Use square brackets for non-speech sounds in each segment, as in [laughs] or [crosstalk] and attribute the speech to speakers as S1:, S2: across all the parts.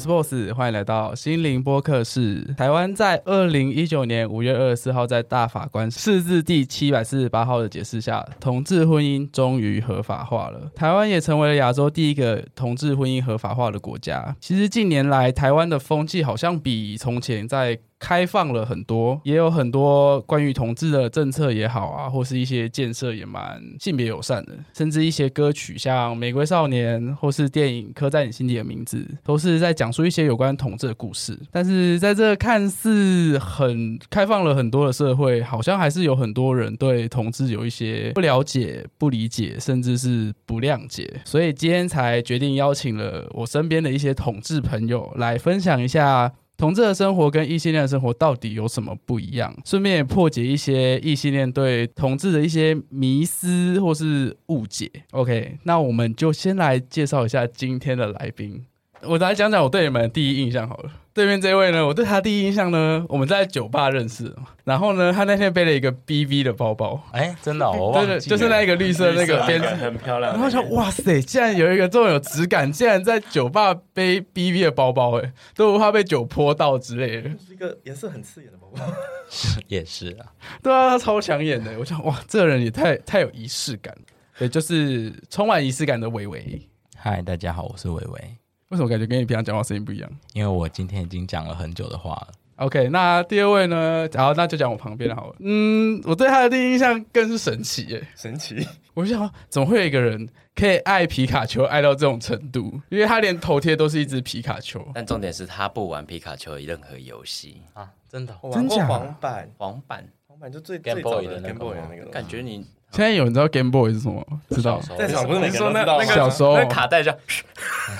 S1: s p o s 歡迎來到心靈播客室。台灣在二零一九年五月二十四號，在大法官釋字第七百四十八號的解釋下，同志婚姻終於合法化了。台灣也成為了亞洲第一個同志婚姻合法化的國家。其實近年來，台灣的風氣好像比從前在。開放了很多，也有很多關於同志的政策也好啊，或是一些建設也蠻性別友善的，甚至一些歌曲像《玫瑰少年》或是電影《刻在你心底的名字》，都是在講述一些有關同志的故事。但是，在這看似很開放了很多的社會，好像還是有很多人對同志有一些不了解、不理解，甚至是不諒解。所以今天才決定邀請了我身邊的一些同志朋友來分享一下。同志的生活跟異性戀的生活到底有什麼不一樣？順便也破解一些異性戀對同志的一些迷思或是誤解。OK，那我們就先來介紹一下今天的來賓。我再講講我對你們的第一印象好了。對面這位呢，我對他第一印象呢，我們在酒吧認識。然後呢，他那天背了一個 BV 的包包，哎，真的，哦，是就是那一個綠色的那個編織，很
S2: 漂亮。我想，哇
S1: 塞，竟然有一個這麼有質感，竟然在酒吧背 BV 的包包，欸，哎，都不怕被酒潑到之類的。就是一
S2: 個顏色很刺眼的包包， [laughs] 也
S3: 是啊，
S1: 對啊，他超搶眼的。我想，哇，這人也太太有儀式感了，對，就是充滿儀式感的瑋瑋。
S3: 嗨，大家好，我是瑋瑋。
S1: 為什麼感覺跟你平常講話聲音
S3: 不一樣？因為我今天已經講了很久的話了。
S1: OK，那第二位呢？好、啊，那就講我旁邊好了。嗯，我對他的第一印象更是神奇耶、欸！神奇！我想說，怎麼會有一個人可以愛皮卡丘愛到這種程度？
S4: 因為他連頭貼都是一隻皮卡丘。但重點是他不玩皮卡丘的任何遊戲啊！真的，我玩過黃板，黃板，黃板就
S1: 最 Game Boy 的那個。嗯、那感覺你現在有人知道
S2: Game Boy 是什麼？知道。小時候，你說那那個小時候那個、卡帶叫。 [laughs]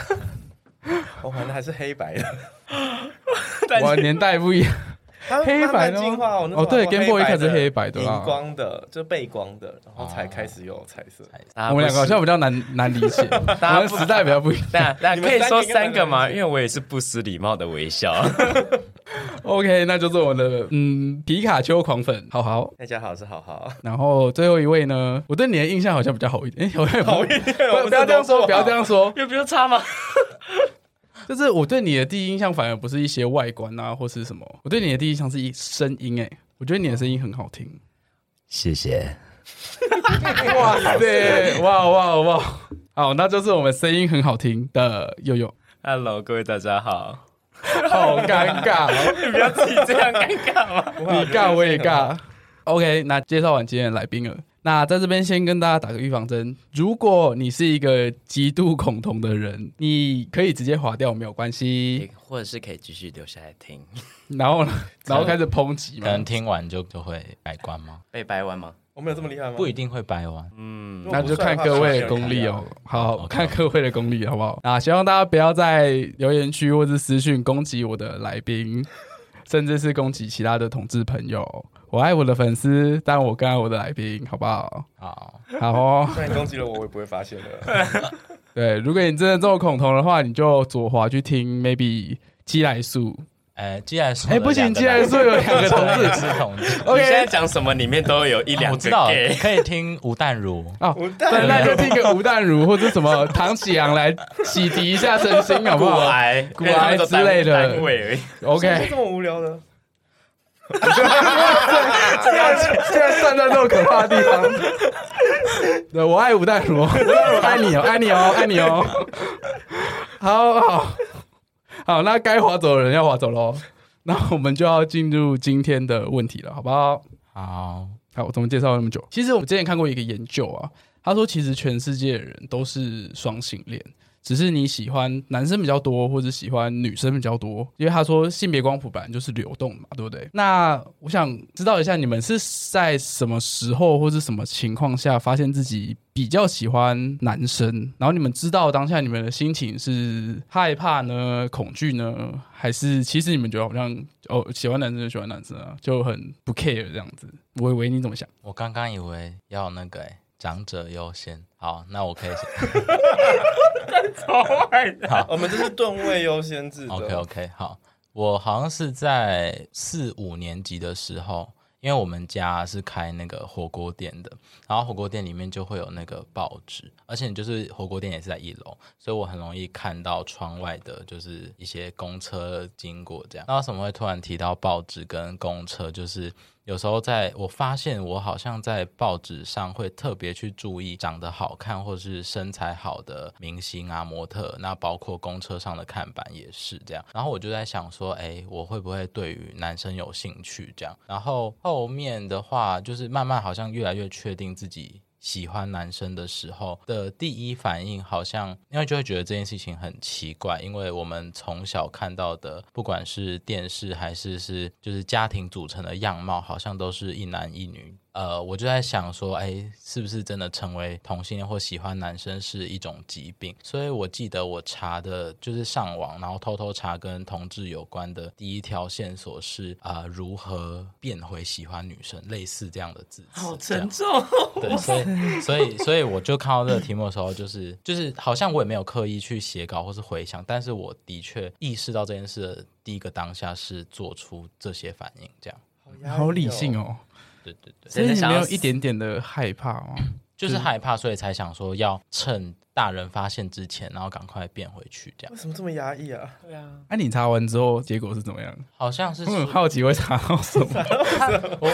S2: 我玩的還是黑白的， [laughs] 我的年代不一樣。啊黑，白呢慢慢喔，黑白的化哦，對 Game Boy 一開始黑白的，熒、啊、光的，就是、背光的，然後才開始有彩色。啊，彩
S1: 我們兩個好像比較難難理解， [laughs] 我們的時代比較不一樣。那 [laughs] [laughs] 可以說三個嗎？
S4: 因為我也是不失禮貌的微笑。
S1: [laughs] OK，那就是我的嗯，皮卡丘狂粉。好好，大
S2: 家好，是好好。
S1: 然後最後一位呢，我對你的印象好像比較好一點，哎、欸，好像
S2: 好一點不不、啊。不要這樣說，不要這樣說， [laughs] 又比較差嗎？
S1: 就是我對你的第一印象，反而不是一些外觀啊，或是什麼。我對你的第一印象是一聲音、欸，哎，我覺得你的聲音很好聽。
S4: 謝謝
S1: [laughs] 哇。哇，
S4: 塞！哇
S1: 哇哇，好，那就是我們聲音很好聽的祐祐。Hello，各位大家好。
S5: 好尷尬， [laughs] 你不要自己這樣尷尬嘛。 [laughs] 你尬我也尬。
S1: OK，那介紹完今天的來賓了。那在這邊先跟大家打個預防針，如果你是一個極度恐同的人，你可以直接滑掉沒有關係，
S3: 或者是可以繼續留下來聽。 [laughs] 然後呢？然後開始抨擊，可能聽完就就會掰彎嗎？被掰彎嗎？我沒有這麼厲害嗎？不一定會掰彎，嗯，那就看各位的功力哦、喔。
S1: 好，好、okay. 看各位的功力好不好？啊，希望大家不要在留言區或者私訊攻擊我的來賓， [laughs] 甚至是攻擊其他的同志朋友。我愛我的粉絲，但我更愛我的來賓，好不好？好好哦。那你攻擊
S2: 了我，我也不會發現的。 [laughs]
S1: [laughs] 對，如果你真的這麼恐同的話，你就左滑去聽 Maybe
S3: 基萊素。哎、欸，基
S4: 萊
S2: 素。哎，不行，基萊素有兩個同志之同。
S3: [laughs] OK，現在講什麼？
S4: 裡面都有一兩個、啊。我知道，可
S3: 以聽吳淡如。 [laughs] 哦淡對對，那就聽個吳淡如， [laughs] 或者什麼 [laughs] 唐綺陽來洗滌一下身心，好不好？股癌之類的。 [laughs]
S2: OK。麼這麼無聊的。 [laughs] [laughs] 現在現在站在那麼可怕的地方。對，我愛吳淡如，
S1: 愛你哦、喔，愛你哦、喔，愛你哦、喔。好好好，那該劃走的人要劃走嘍。那我們就要進入今天的問題了，好不好？好，好我怎麼介紹那麼久？其實我們之前看過一個研究啊，他說其實全世界的人都是雙性戀。只是你喜歡男生比較多，或者喜歡女生比較多，因為他說性別光譜本來就是流動嘛，對不對？那我想知道一下，你們是在什麼時候或是什麼情況下發現自己比較喜歡男生？然後你們知道當下你們的心情是害怕呢、恐懼呢，還是其實你們覺得好像哦，喜歡男生就喜歡男生啊，就很不 care
S3: 這樣子？我
S1: 以為你怎麼想？
S3: 我剛剛以為要那個哎、欸。長者優先，好，那我可以先。在窗外。好， [laughs] 我們這是段位優先制。OK OK，好，我好像是在四五年級的時候，因為我們家是開那個火鍋店的，然後火鍋店裡面就會有那個報紙，而且就是火鍋店也是在一樓，所以我很容易看到窗外的，就是一些公車經過這樣。那為什麼會突然提到報紙跟公車？就是。有時候在，在我發現我好像在報紙上會特別去注意長得好看或是身材好的明星啊、模特，那包括公車上的看板也是這樣。然後我就在想說，哎、欸，我會不會對於男生有興趣？這樣，然後後面的話就是慢慢好像越來越確定自己。喜歡男生的時候的第一反應好像，因為就會覺得這件事情很奇怪，因為我們從小看到的，不管是電視還是是，就是家庭組成的樣貌，好像都是一男一女。呃，我就在想說，哎、欸，是不是真的成為同性戀或喜歡男生是一種疾病？所以我記得我查的就是上網，然後偷偷查跟同志有關的第一條線索是啊、呃，如何變回喜歡女生，類似這樣的字。好
S4: 沉重。
S3: 對，所以，所以，所以，我就看到這個題目的時候，就是，就是，好像我也沒有刻意去寫稿或是回想，但是我的確意識到這件事的第一個當下是做出這些反應，這樣。好，好理性哦。對對對，所以你沒有一點點的害怕嗎？就是害怕，所以才想說要趁大人發現之前，然後趕快變回去這樣。為什
S2: 麼這麼壓抑啊？對啊，那、
S3: 啊、你查完之後結果是怎麼樣？好像是，我很
S1: 好奇會查到什麼。他我，
S2: 他，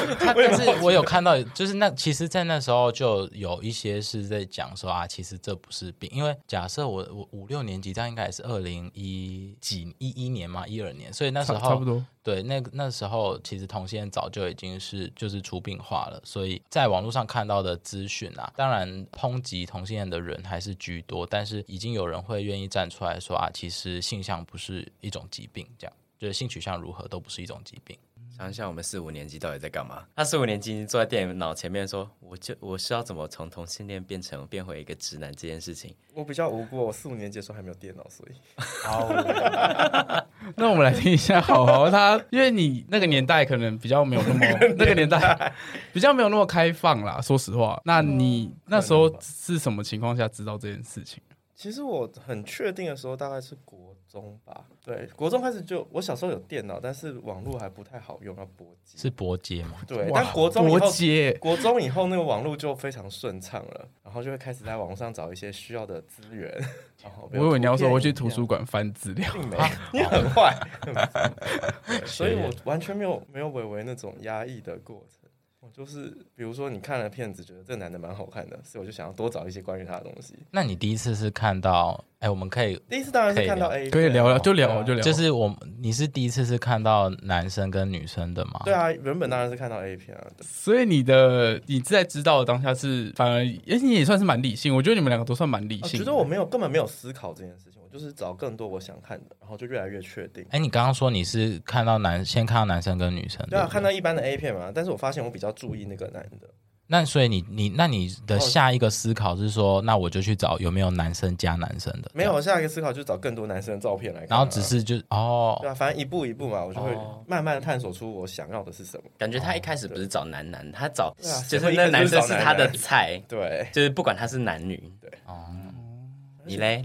S3: 我他，但是我有看到，就是那其實，在那時候就有一些是在講說啊，其實這不是病，因為假設我我五六年級，這樣應該也是二零一幾一一年嘛，一二年，所以那時候差不多。對，那那時候其實同性戀早就已經是就是除病化了，所以在網絡上看到的資訊啊，當然抨擊同性戀的人還是居多，但是已經有人會願意站出來說啊，其實性向不是一種疾病，這樣，就是性取向如何都不是一種疾病。想一下，我們四五年級到底在幹嘛？
S4: 他四五年級坐在電腦前面，說：“我就我是要怎麼從同性戀變成變回一個直男這件事情。”
S2: 我比較無辜，我四五年級的時候還沒有電腦，所以。好、 [laughs] oh.。
S1: [laughs] [laughs] 那我們來聽一下，豪豪他，因為你那個年代可能比較沒有那麼 [laughs] [laughs] 那個年代比較沒有那麼開放啦。說實話，那你那時候是什麼情況下知道這件事情？
S2: 嗯、其實我很確定的時候，大概是國。中吧，對，國中開始，就我小時候有電腦，但是網絡還不太好用，要撥
S3: 接，是撥接嘛？對，
S2: 但國中撥接，國中以後那個網絡就非常順暢了，然後就會開始在網上找一些需要的資源。我以 [laughs] 為你要說我去圖書館翻資料，啊，你沒啊，你很壞， [laughs] [laughs] 所以我完全沒有沒有偉偉那種壓抑的過程。就是比如說，你看了片子，覺得這男的蠻好看的，所以我就想要多找一些關於他的
S3: 東西。那你第一次是看到，哎、欸，我們可以第一次當然是看到 A 片，、啊、可以聊聊，就聊、啊、就聊、啊。就是我，你是第一次是看到男生跟女生的嗎？
S2: 對啊，原本當然是看到 A 片啊。
S3: 所以你的你在知道的當下是反而，而你也算是蠻理性，我覺得你們兩個都算蠻理性。我、哦、覺得我
S2: 沒有，根本沒有思考這件事情。就是找更多我想看的，然後就越來越
S3: 確定。哎、欸，你剛剛說你是看到男，先看到男生跟女生對不對？對
S2: 啊，看到一般的 A 片嘛。但是我發現我比較注意那個男的。
S3: 那所以你你，那你的下一個思考是說，那我就去找有沒有男生加男生的。
S2: 沒有，下一個思考就是找更多男生的照片來看、啊。然後只是就哦，對啊，反正一步一步嘛，我就會慢慢的探索出我想要的是什麼。感覺他一開始不
S4: 是找男男，他找就是那個男生是他的菜，對，對就是不管他是男女，對哦、嗯。你嘞？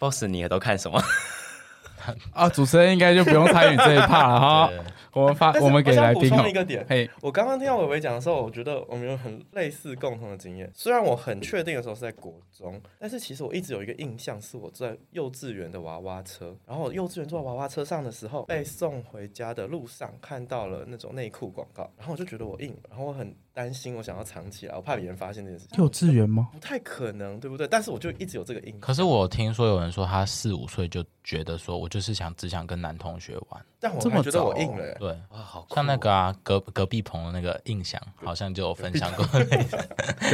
S4: boss，你也都看什麼？
S1: [laughs] 啊，主持人應該就不用參與 [laughs] 這一 part 了哈。我們發，我們給你來補充一個點。
S2: 我剛剛聽到偉偉講的時候，我覺得我們有很類似共同的經驗。雖然我很確定的時候是在國中，但是其實我一直有一個印象是我在幼稚園的娃娃車。然後幼稚園坐娃娃車上的時候，被送回家的路上看到了那種內褲廣告，然後我就覺得我硬，然後我很。擔心我想要藏起來，我怕別人發現這件事
S1: 情。有資源嗎？
S2: 不太可能，對不對？但是我就一直有這個印象。
S3: 可是我聽說有人說他四五歲就覺得說我就是想只想跟男同學玩，但我真的覺得我硬了、欸。對，像那個啊，隔隔壁棚的那個印象，好像就有分享過。隔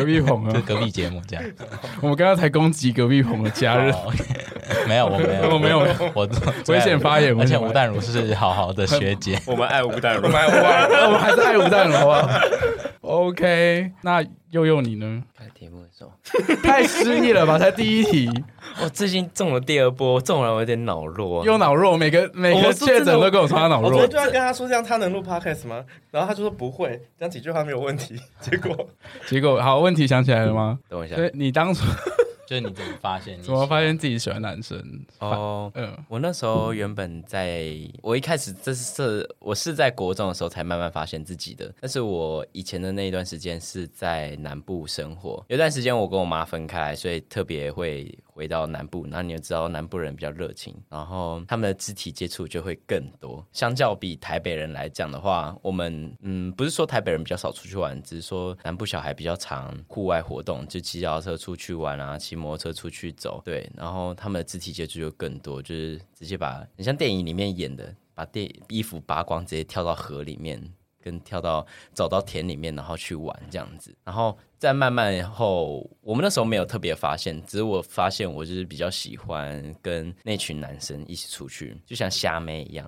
S3: 壁棚、啊，的 [laughs] 隔壁節、啊、目這樣。 [laughs] [laughs]
S1: 我們剛剛才攻擊隔壁棚的家人，oh, okay.
S3: [laughs] 沒有，我沒有， [laughs] 我沒有， [laughs] 我,沒有 [laughs] 我就 [laughs] 危險發言。 [laughs] 而且吳 [laughs] 淡如是好好的學姐， [laughs] [laughs] 我們愛吳淡如， [laughs] [laughs] [laughs] [laughs] 我們愛我們還是愛吳
S1: 淡如，啊。 [laughs] [laughs] [laughs] [laughs] OK，那祐祐你呢？看題目的時候 [laughs] 太失憶了吧？才第一題，
S4: [laughs] 我最近中了第二波，中了。我有點腦弱、啊，又腦
S1: 弱，每個每個確診都跟我說他腦弱。
S2: 哦、我就要跟他說這樣他能錄 podcast 嗎？然後他就說不會，講幾句話沒有問題。結果
S1: [laughs] 結果好，問題想起來了嗎？嗯、等一下，你當初。 [laughs]
S2: [laughs] 就是你怎麼發現？怎
S1: 麼發現自己喜歡男生？
S4: 哦，嗯，我那時候原本在，我一開始這、就是我是在國中的時候才慢慢發現自己的，但是我以前的那一段時間是在南部生活，有段時間我跟我媽分開，所以特別會。回到南部，那你也知道南部人比較熱情，然後他們的肢體接觸就會更多。相較比台北人來講的話，我們嗯，不是說台北人比較少出去玩，只是說南部小孩比較常戶外活動，就騎腳踏車出去玩啊，騎摩托車出去走，對，然後他們的肢體接觸就更多，就是直接把你像電影裡面演的，把電衣服扒光，直接跳到河裡面，跟跳到走到田裡面，然後去玩這樣子，然後。在慢慢後，我們那時候沒有特別發現，只是我發現我就是比較喜歡跟那群男生一起出去，就像瞎妹一樣，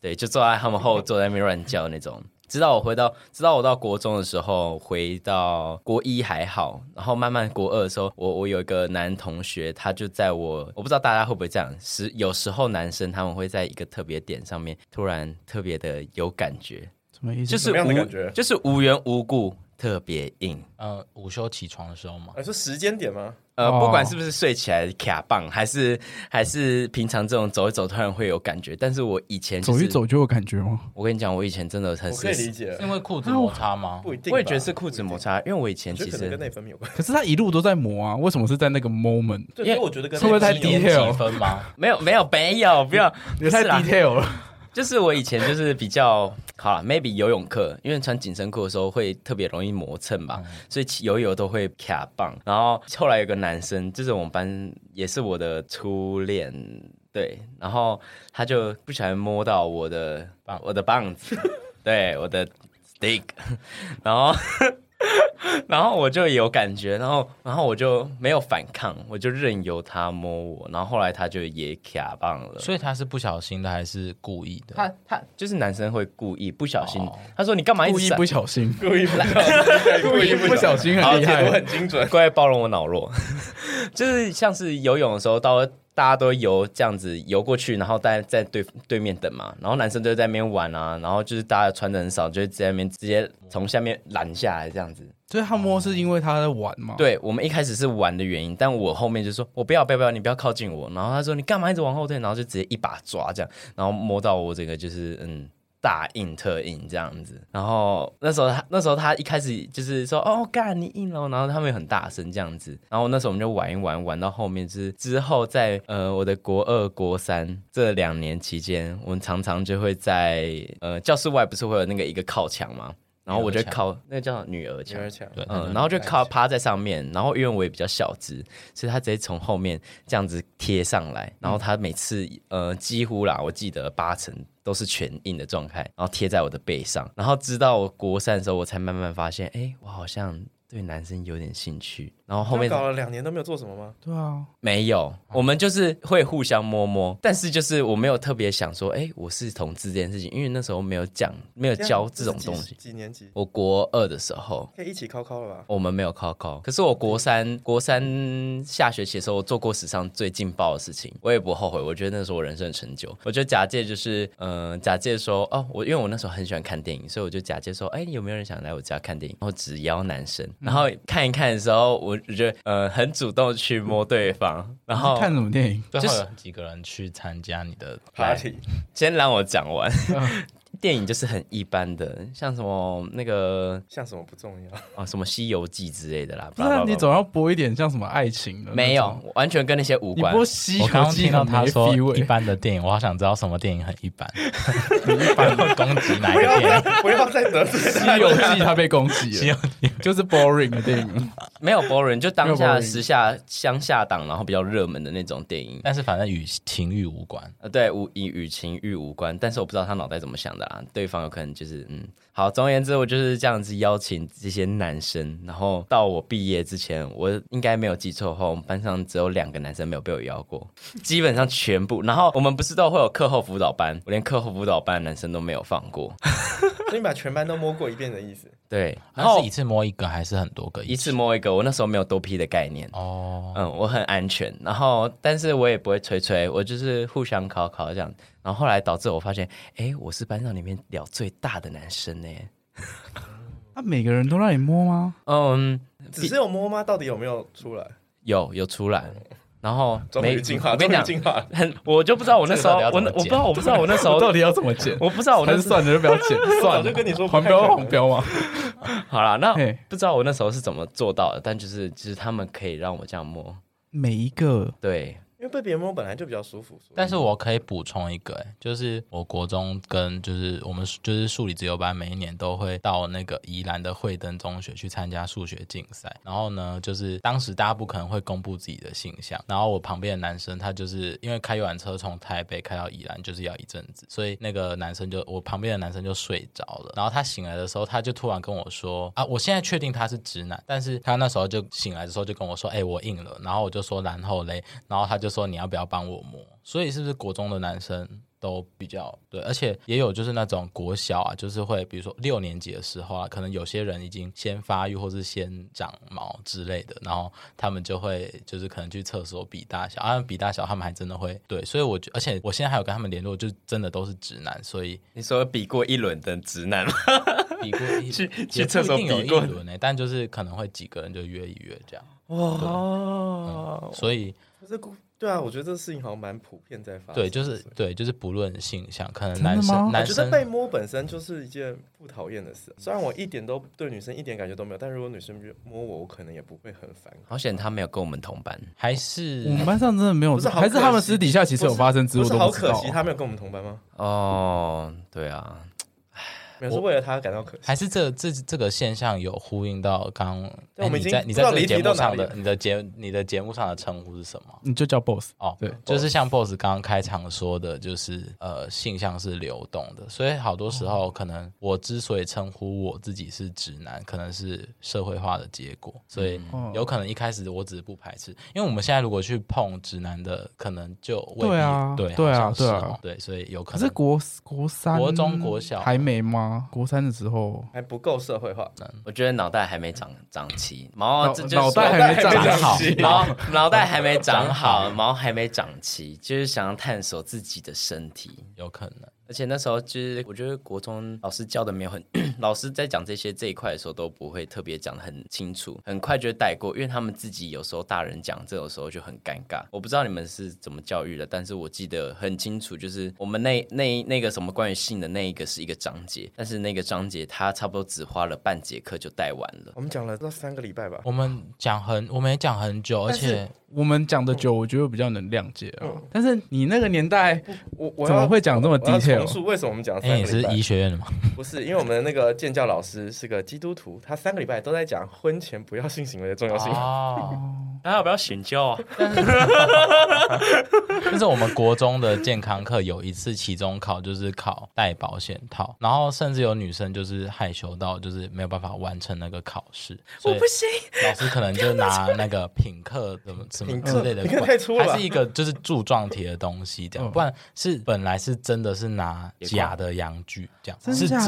S4: 對，就坐在他們後，坐在那邊亂叫那種。直到我回到，直到我到國中的時候，回到國一還好，然後慢慢國二的時候，我我有一個男同學，他就在我，我不知道大家會不會這樣，是有時候男生他們會在一個特別點上面，突然特別的有感覺，什
S1: 麼意思？
S2: 就是無，什麼樣的感覺？就是
S4: 無緣無故。特別硬，呃，午休起床的時候嗎？
S2: 還、啊、是時間點嗎？呃，不管
S4: 是不是睡起來卡棒，還是還是平常這種走一走，突然會有感覺。但是我以前走一走
S1: 就有感覺嗎？
S4: 我跟你講，我以前真的很我可以理解，是
S3: 因為褲子摩
S4: 擦嗎？不一定，我也覺得是褲子摩擦，因為我以前其實跟內分泌有
S1: 關。可是他一路都在磨啊，為什麼是在那個 moment？因為我覺得跟內分泌有分嗎？是不
S4: 是太 detail？沒有沒有沒有，不要你太 detail 了。就是我以前就是比較好啦，maybe 游泳課，因為穿緊身褲的時候會特別容易磨蹭嘛，mm -hmm. 所以游泳都會卡棒。然後後來有個男生，就是我們班也是我的初戀，對，然後他就不小心摸到我的，我的棒子， [laughs] 對，我的 stick，然後。 [laughs] [laughs] 然後我就有感覺，然後然後我就沒有反抗，我就任由他摸我，然後後來他就也卡棒了。所以他是不小心的還是故意的？他他就是男生會故意不小心。哦、他說：“你幹嘛一直？”故意不小心，故意不，小心。 [laughs] 小心好，解讀很精準，乖 [laughs] 乖包容我腦弱。 [laughs] 就是像是游泳的時候到了。大家都游這樣子游過去，然後在在對對面等嘛，然後男生就在那邊玩啊，然後就是大家穿的很少，就在那邊直接從下面攔下來這樣子。
S1: 所以他摸，是因為他在玩嘛、嗯。
S4: 對，我們一開始是玩的原因，但我後面就說，我不要不要不要，你不要靠近我。然後他說，你幹嘛一直往後退？然後就直接一把抓，這樣，然後摸到我這個就是嗯。大硬、特硬，這樣子，然後那時候他那時候他一開始就是說哦，幹你硬嘍，然後他們也很大聲這樣子，然後那時候我們就玩一玩，玩到後面，就是之後在呃我的國二、國三這兩年期間，我們常常就會在呃教室外不是會有那個一個靠牆嗎？然後我就靠，女兒那個叫女兒牆，對，嗯，然後就靠趴在上面，然後因為我也比較小隻，所以他直接從後面這樣子貼上來，嗯、然後他每次呃幾乎啦，我記得八成都是全硬的狀態，然後貼在我的背上，然後直到我國三的時候，我才慢慢發現，哎，我好像對男生有點興趣。然後後面找了
S2: 兩年都沒有做什麼嗎？對
S4: 啊，沒有。我們就是會互相摸摸，但是就是我沒有特別想說，哎，我是同志這件事情，因為那時候沒有講，沒有教這種東西。幾，幾年級？我國二的時候
S2: 可以一起 call call 了
S4: 吧？我們沒有 call call。可是我國三。Okay. 國三下學期的時候我做過史上最勁爆的事情，我也不後悔。我覺得那時候我人生的成就，我覺得假借就是，嗯、呃，假借說，哦，我因為我那時候很喜歡看電影，所以我就假借說，哎，有沒有人想來我家看電影？然後只邀男生。嗯、然後看一看的時候，我。 [laughs] 就覺得呃很主動去摸對方，嗯、然後看什麼電影？就是幾個人去參加你的 party，先讓我講完，嗯。 [laughs] 電影就是很一般的，像什麼那個像什麼不重要啊，什麼《西遊記》之類的啦。不你
S1: 總要播一點像什麼愛
S4: 情的。沒有，完全跟那些無關。播《西遊記》。我剛剛聽到他說
S3: 一般的電影，我好想知道什麼電影很一般。 [laughs] [laughs] 你一般會攻擊哪一個電影？不要，
S4: 不要再得罪《西遊記》，他被攻擊了。《西
S3: 遊記》就是 boring 的電影。
S4: 沒有 boring，就當下時下鄉下檔，然後比較熱門的那種電影。 [laughs]
S3: 但是反正與情欲無關
S4: 啊，對，無以與情欲無關。但是我不知道他腦袋怎麼想的，啊。啊，對方有可能就是嗯，
S3: 好，總而言之，我就是
S4: 這樣子邀請這些男生，然後到我畢業之前，我應該沒有記錯的話，後班上只有兩個男生沒有被我邀過，基本上全部。然後我們不是都會有課後輔導班，我連課後輔導班男生都沒有放過，
S2: [laughs] 所以你把全班都摸過一遍的意思。
S4: 對，那是一
S3: 次摸一個還是很多個一起？一
S4: 次摸一個，我那時候沒有多 P 的概念。哦、oh.，嗯，我很安全，然後但是我也不會吹吹，我就是互相考考這樣。然後後來導致我發現，哎，我是班上裡面屌最大的男生嘞。
S2: [laughs] 啊、每個人都讓你摸嗎？
S4: 嗯、
S2: um,，只是有摸嗎？到底有沒有出來？
S4: 有，有出來。 [laughs] 然後沒有進化，我跟你講，很，
S2: 我就不知道我那時候，這個、我我不
S4: 知道，我不知道我那時候到底要怎麼剪，我不知道我那算了就不要剪， [laughs] 算了我就跟你說狂飆狂飆嘛。 [laughs] 好了，那不知道我那時候是怎麼做到的，但就是就是他們可以讓我這樣摸
S1: 每一個
S3: 對。
S2: 因為被別人摸本來就比較舒服，舒
S3: 服，但是我可以補充一個，就是我國中跟就是我們就是數理資優班，每一年都會到那個宜蘭的慧燈中學去參加數學競賽。然後呢，就是當時大家不可能會公布自己的性向，然後我旁邊的男生，他就是因為開遠車從台北開到宜蘭，就是要一陣子，所以那個男生就我旁邊的男生就睡着了。然後他醒來的時候，他就突然跟我說：“啊，我現在確定他是直男。”但是他那時候就醒來的時候就跟我說：“哎，我硬了。”然後我就說：“然後嘞？”然後他就。說你要不要幫我摸？所以是不是國中的男生都比較對，而且也有就是那種國小啊，就是會比如說六年級的時候啊，可能有些人已經先發育或是先長毛之類的，然後他們就會就是可能去廁所比大小啊，比大小，他們還真的會對。所以我覺得，而且我現在還有跟他們聯絡，就真的都是直男。所以你說比過一輪的直男嗎？比過一輪 [laughs] 去,去廁所比過一,一輪呢、欸？ [laughs] 但就是可能會幾個人就約一約這樣
S2: 哇、嗯。所以對啊，我覺得這個事情好像蠻普遍在發生的。對，
S3: 就是對，就是不論性向，看男，男生，我覺得
S2: 被摸本身就是一件不討厭的事。雖然我一點都對女生一點感覺都沒有，但如果女生摸我，我可能也不會很煩。
S4: 好險他沒有跟我們同班，還是我們班
S2: 上真的沒有可，還是他們私
S4: 底下其實有發生，只是，是好可惜我他
S2: 沒有跟我們
S3: 同班嗎？哦，對啊。我是為了他感到可惜。還是這這這個現象有呼應到剛、欸、你在你在這個節目上的你的節你的節目上的稱呼是什麼？你就叫 boss 哦、oh，對，就是像 boss 剛剛開場說的，就是呃性向是流動的，所以好多時候可能我之所以稱呼我自己是直男、哦，可能是社會化的結果，所以有可能一開始我只是不排斥，嗯嗯、因為我們現在如果去碰直男的，可能就對啊，對對啊是、哦，對啊，對啊，對，所以有可能可是國
S1: 國三、國中、國小孩還沒嗎？啊，國三的時候
S3: 還不夠社
S4: 會化，我覺得腦袋還沒長長齊，毛腦袋，袋還沒長好，腦腦袋，袋還沒長好，毛還沒長齊，就是想要探索自己的身體，
S3: 有可能。
S4: 而且那時候其實我覺得國中老師教的沒有很， [coughs] 老師在講這些這一塊的時候都不會特別講的很清楚，很快就帶過，因為他們自己有時候大人講這種、個、時候就很尷尬。我不知道你們是怎麼教育的，但是我記得很清楚，就是我們那那那個什麼關於性的那一個是一個章節，但是那個章節他差不多只花了半節課就帶完了。
S3: 我們講了那三個禮拜吧，我們講很，我們也講很久，而且
S1: 我們講的久，我覺得我比較能諒解、啊
S2: 嗯、但是你那個年代，我我怎麼會講這麼低為什麼我們講？因、欸、為你是醫學院的嗎？不是，因為我們那個建教老師是個基督徒，他三個禮拜都在講婚前不要性行為的重要性。哦，
S3: 大家要不要信教啊？就 [laughs] [laughs] 但是我們國中的健康課有一次期中考，就是考戴保險套，然後甚至有女生就是害羞到就是沒有辦法完成那個考試。我不行。老師可能就拿那個品客什麼什麼之類的，你看 [laughs] 還是一個就是柱狀體的東西這樣，不然是本來是真的是拿。假的陽具這樣真是真的，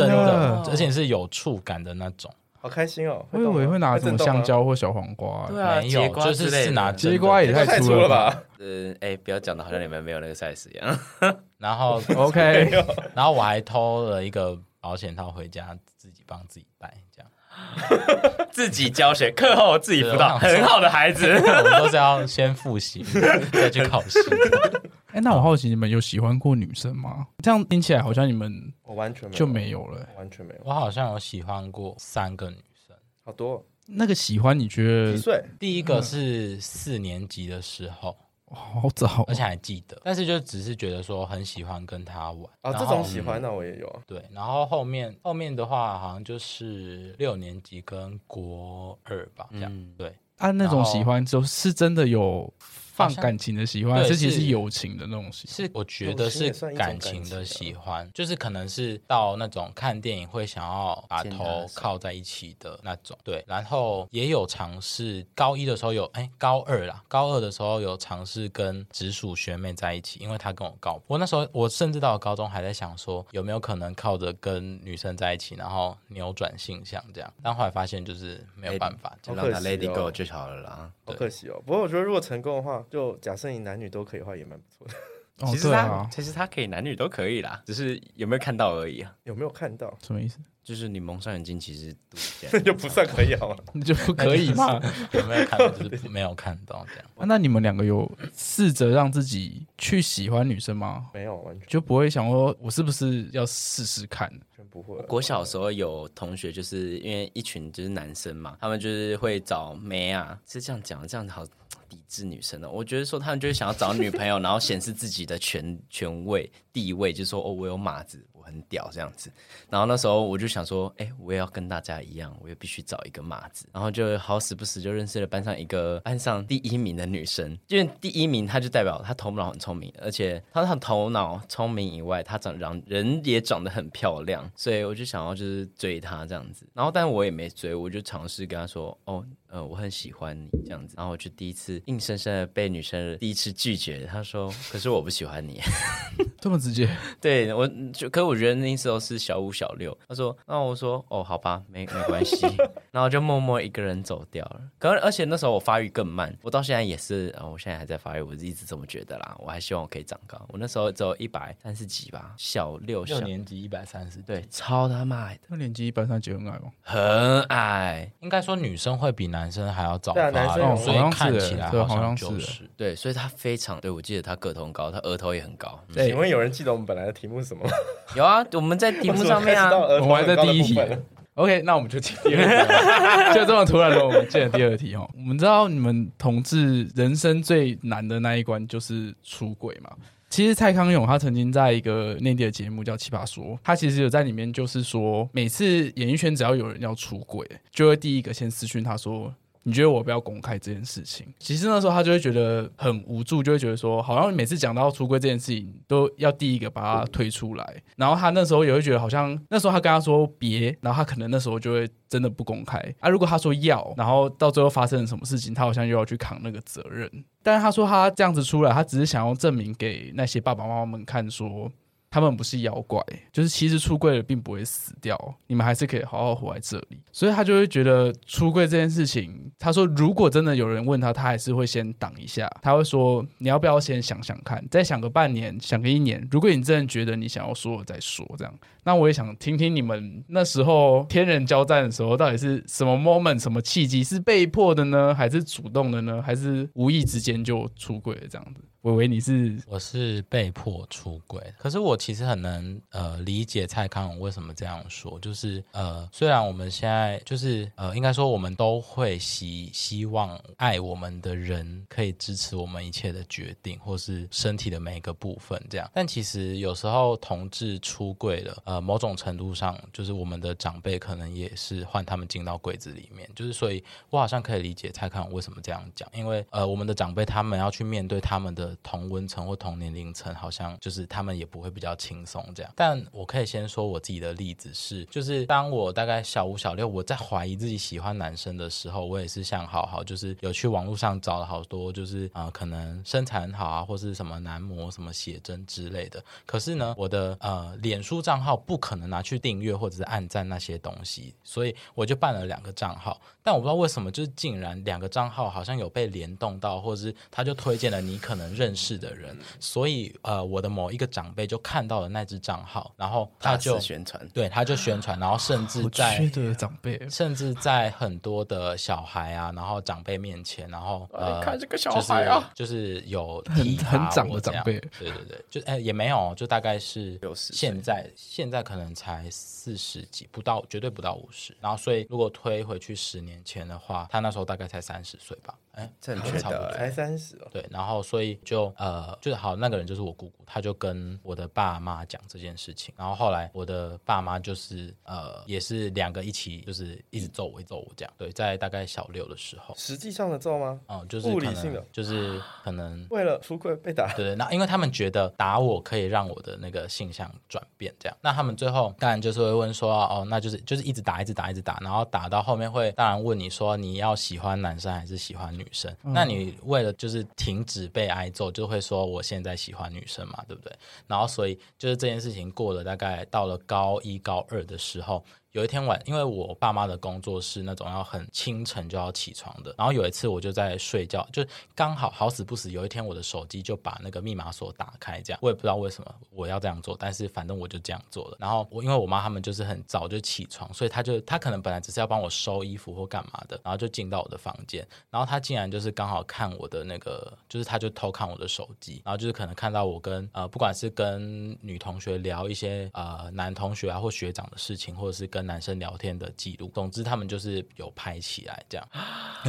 S3: 而且是有觸感的那種，
S2: 好開心哦！我以為會拿那種香蕉或小黃瓜，啊對啊，沒有結瓜，就是是拿西
S4: 瓜也太粗了，太粗了吧？呃、嗯，哎、欸，不要講的好像你們沒有那個 size 一樣。然後 OK，、嗯、然後我
S3: 還偷了一個保險套回家，自己幫自己戴這樣。
S4: [laughs] 自己教學，課後自己輔導， [laughs] 很好的孩子。 [laughs] 我們都是要
S3: 先複習 [laughs] 再去考試。
S1: 哎、 [laughs] [laughs] 欸，那我好,好奇你們有喜歡過女生嗎？這樣聽起來好像你們我完全就沒有了，完
S3: 全,有完全沒有。我好像有喜歡過三個女生，好多。
S1: 那個喜歡你覺得？幾歲？第一個
S3: 是四年級的時候。嗯好早喔，而且還記得，但是就只是覺得說很喜歡跟他玩啊，這種喜歡。那我也有啊，嗯。對，然後後面後面的話好像就是六年級跟國二吧，嗯，這樣。對，按啊，那種喜歡
S1: 就是真的有。感情的喜歡，這其實是友
S3: 情的那種喜歡是。是我覺得是感情的喜歡，就是可能是到那種看電影會想要把頭靠在一起的那種。對，然後也有嘗試，高一的時候有，哎、欸，高二啦，高二的時候有嘗試跟直屬學妹在一起，因為她跟我告白。我那時候我甚至到了高中還在想說，有沒有可能靠着跟女生在一起，然後扭轉性向這樣？但後來發現就是沒有辦法，欸、就讓他 lady go 就好了啦。
S2: 可惜哦，不過我覺得如果成功的話，就假設你男女都可以的話，也蠻不錯的。其實他、哦對啊、其實他可以男女都
S4: 可以啦，只是有沒有看到而已啊？有沒有看到？什麼意思？就是你蒙上眼睛，其實
S3: 這 [laughs] 就不算可以好了， [laughs] 你就不可以嘛？ [laughs] [laughs] 有沒有看到？就是沒有看到
S1: 這樣。 [laughs] 啊、那你們兩個有試着讓自己去喜歡女生嗎？沒有，完全就不會想說，我是不是要試試看？不
S4: 會。我小時候有同學，就是因為一群就是男生嘛，他們就是會找妹啊，是這樣講，這樣子好。抵制女生的，我覺得說他們就是想要找女朋友，然後顯示自己的權位 [laughs] 權位地位，就說哦，我有馬子。很屌這樣子，然後那時候我就想說，哎、欸，我也要跟大家一樣，我也必須找一個馬子。然後就好死不死就認識了班上一個班上第一名的女生，因為第一名她就代表她頭腦很聰明，而且她她頭腦聰明以外，她長長人也長得很漂亮，所以我就想要就是追她這樣子。然後但我也沒追，我就嘗試跟她說，哦，呃，我很喜歡你這樣子。然後我就第一次硬生生的被女生第一次拒絕，她說，可是我不喜歡你，
S1: [laughs] 這麼直接。
S4: 對我就可我。我覺得那時候是小五小六，他說，那我說，哦，好吧，沒沒關係， [laughs] 然後就默默一個人走掉了。可而且那時候我發育更慢，我到現在也是，哦、我現在還在發育，我是一直這麼覺得啦。我還希望我可以長高。我那時候只有一百三十幾吧，小六小六年級一百三十，對，
S1: 超他媽的。六年級一百三十幾很矮嗎？
S3: 很矮，應該說女生會比男生還要早發，啊、男生所以看起來好像就是，對，像是
S4: 對，所以他非常對，我記得他個頭很高，他額頭也很高。請問、欸、有人記得我們本來的題目是什麼嗎？ [laughs] 有、哦、啊，我們在題目上面啊，我,我們還在第一題。OK，那我們就進第二題，題。 [laughs] 就這麼突然的話我們
S1: 進了第二題哦。 [laughs] 我們知道你們同志人生最難的那一關就是出櫃嘛。其實蔡康永他曾經在一個內地的節目叫《奇葩說》，他其實有在裡面就是說，每次演藝圈只要有人要出櫃，就會第一個先私訊他說。你覺得我不要公開這件事情，其實那時候他就會覺得很無助，就會覺得說，好像每次講到出櫃這件事情，都要第一個把它推出來。哦、然後他那時候也會覺得，好像那時候他跟他說別，然後他可能那時候就會真的不公開啊。如果他說要，然後到最後發生了什麼事情，他好像又要去扛那個責任。但是他說他這樣子出來，他只是想要證明給那些爸爸媽媽們看說。他們不是妖怪，就是其實出櫃了並不會死掉，你們還是可以好好活在這裡。所以他就會覺得出櫃這件事情，他說如果真的有人問他，他還是會先擋一下，他會說你要不要先想想看，再想個半年，想個一年，如果你真的覺得你想要說，我再說這樣。那我也想聽聽你們那時候天人交戰的時候，到底是什麼 moment，什麼契機是被迫的呢，還是主動的呢，還是無意之間
S3: 就出櫃了這樣子？
S1: 我以為你是，我是
S3: 被迫出櫃。可是我其實很能呃理解蔡康永為什麼這樣說，就是呃，雖然我們現在就是呃，應該說我們都會希希望愛我們的人可以支持我們一切的決定，或是身體的每一個部分這樣。但其實有時候同志出櫃了，呃，某種程度上就是我們的長輩可能也是換他們進到櫃子裡面。就是所以我好像可以理解蔡康永為什麼這樣講，因為呃，我們的長輩他們要去面對他們的。同溫層或同年齡層，好像就是他們也不會比較輕鬆這樣。但我可以先說我自己的例子是，就是當我大概小五、小六，我在懷疑自己喜歡男生的時候，我也是像好好，就是有去網絡上找了好多，就是啊、呃，可能身材很好啊，或是什麼男模、什麼寫真之類的。可是呢，我的呃，臉書賬號不可能拿去訂閱或者是按讚那些東西，所以我就辦了兩個賬號。但我不知道為什麼，就是竟然兩個賬號好像有被聯動到，或者是他就推薦了你可能認識的人，所以呃，我的某一個長輩就看到了那只賬號，然後他就宣傳，對，他就宣傳，然後甚至在的長輩，甚至在很多的小孩啊，然後長輩面前，然後、哎、呃，看這個小孩啊，就是、就是、有很很長的長輩，對對對，就哎、欸、也沒有，就大概是現在60現在可能才四十幾，不到，絕對不到五十，然後所以如果推回去十年前的話，他那時候大概才三十歲吧。哎，正確的才三十哦。對，然後所以就呃，就是好，那個人就是我姑姑，她就跟我的爸媽講這件事情。然後後來我的爸媽就是呃，也是兩個一起，就是一直揍我，嗯、一直揍我這樣。對，在大概小六的時候，實際
S2: 上的揍嗎？哦、呃，就是物理性的，
S3: 就是可能為了出櫃被打。啊、對，對對，那因為他們覺得打我可以讓我的那個性向轉變這樣。那他們最後當然就是會問說，哦，那就是就是一直打，一直打，一直打。然後打到後面會當然問你說，你要喜歡男生還是喜歡女生？女生，那你為了就是停止被挨揍，就會說我現在喜歡女生嘛，對不對？然後所以就是這件事情過了，大概到了高一、高二的時候。有一天晚，因為我爸媽的工作是那種要很清晨就要起床的，然後有一次我就在睡覺，就剛好好死不死，有一天我的手機就把那個密碼鎖打開，這樣我也不知道為什麼我要這樣做，但是反正我就這樣做了。然後我因為我媽他們就是很早就起床，所以她就她可能本來只是要幫我收衣服或幹嘛的，然後就進到我的房間，然後她竟然就是剛好看我的那個，就是她就偷看我的手機，然後就是可能看到我跟呃不管是跟女同學聊一些呃男同學啊或學長的事情，或者是跟男生聊天的記錄，總之他們就是有拍起來這樣，嗯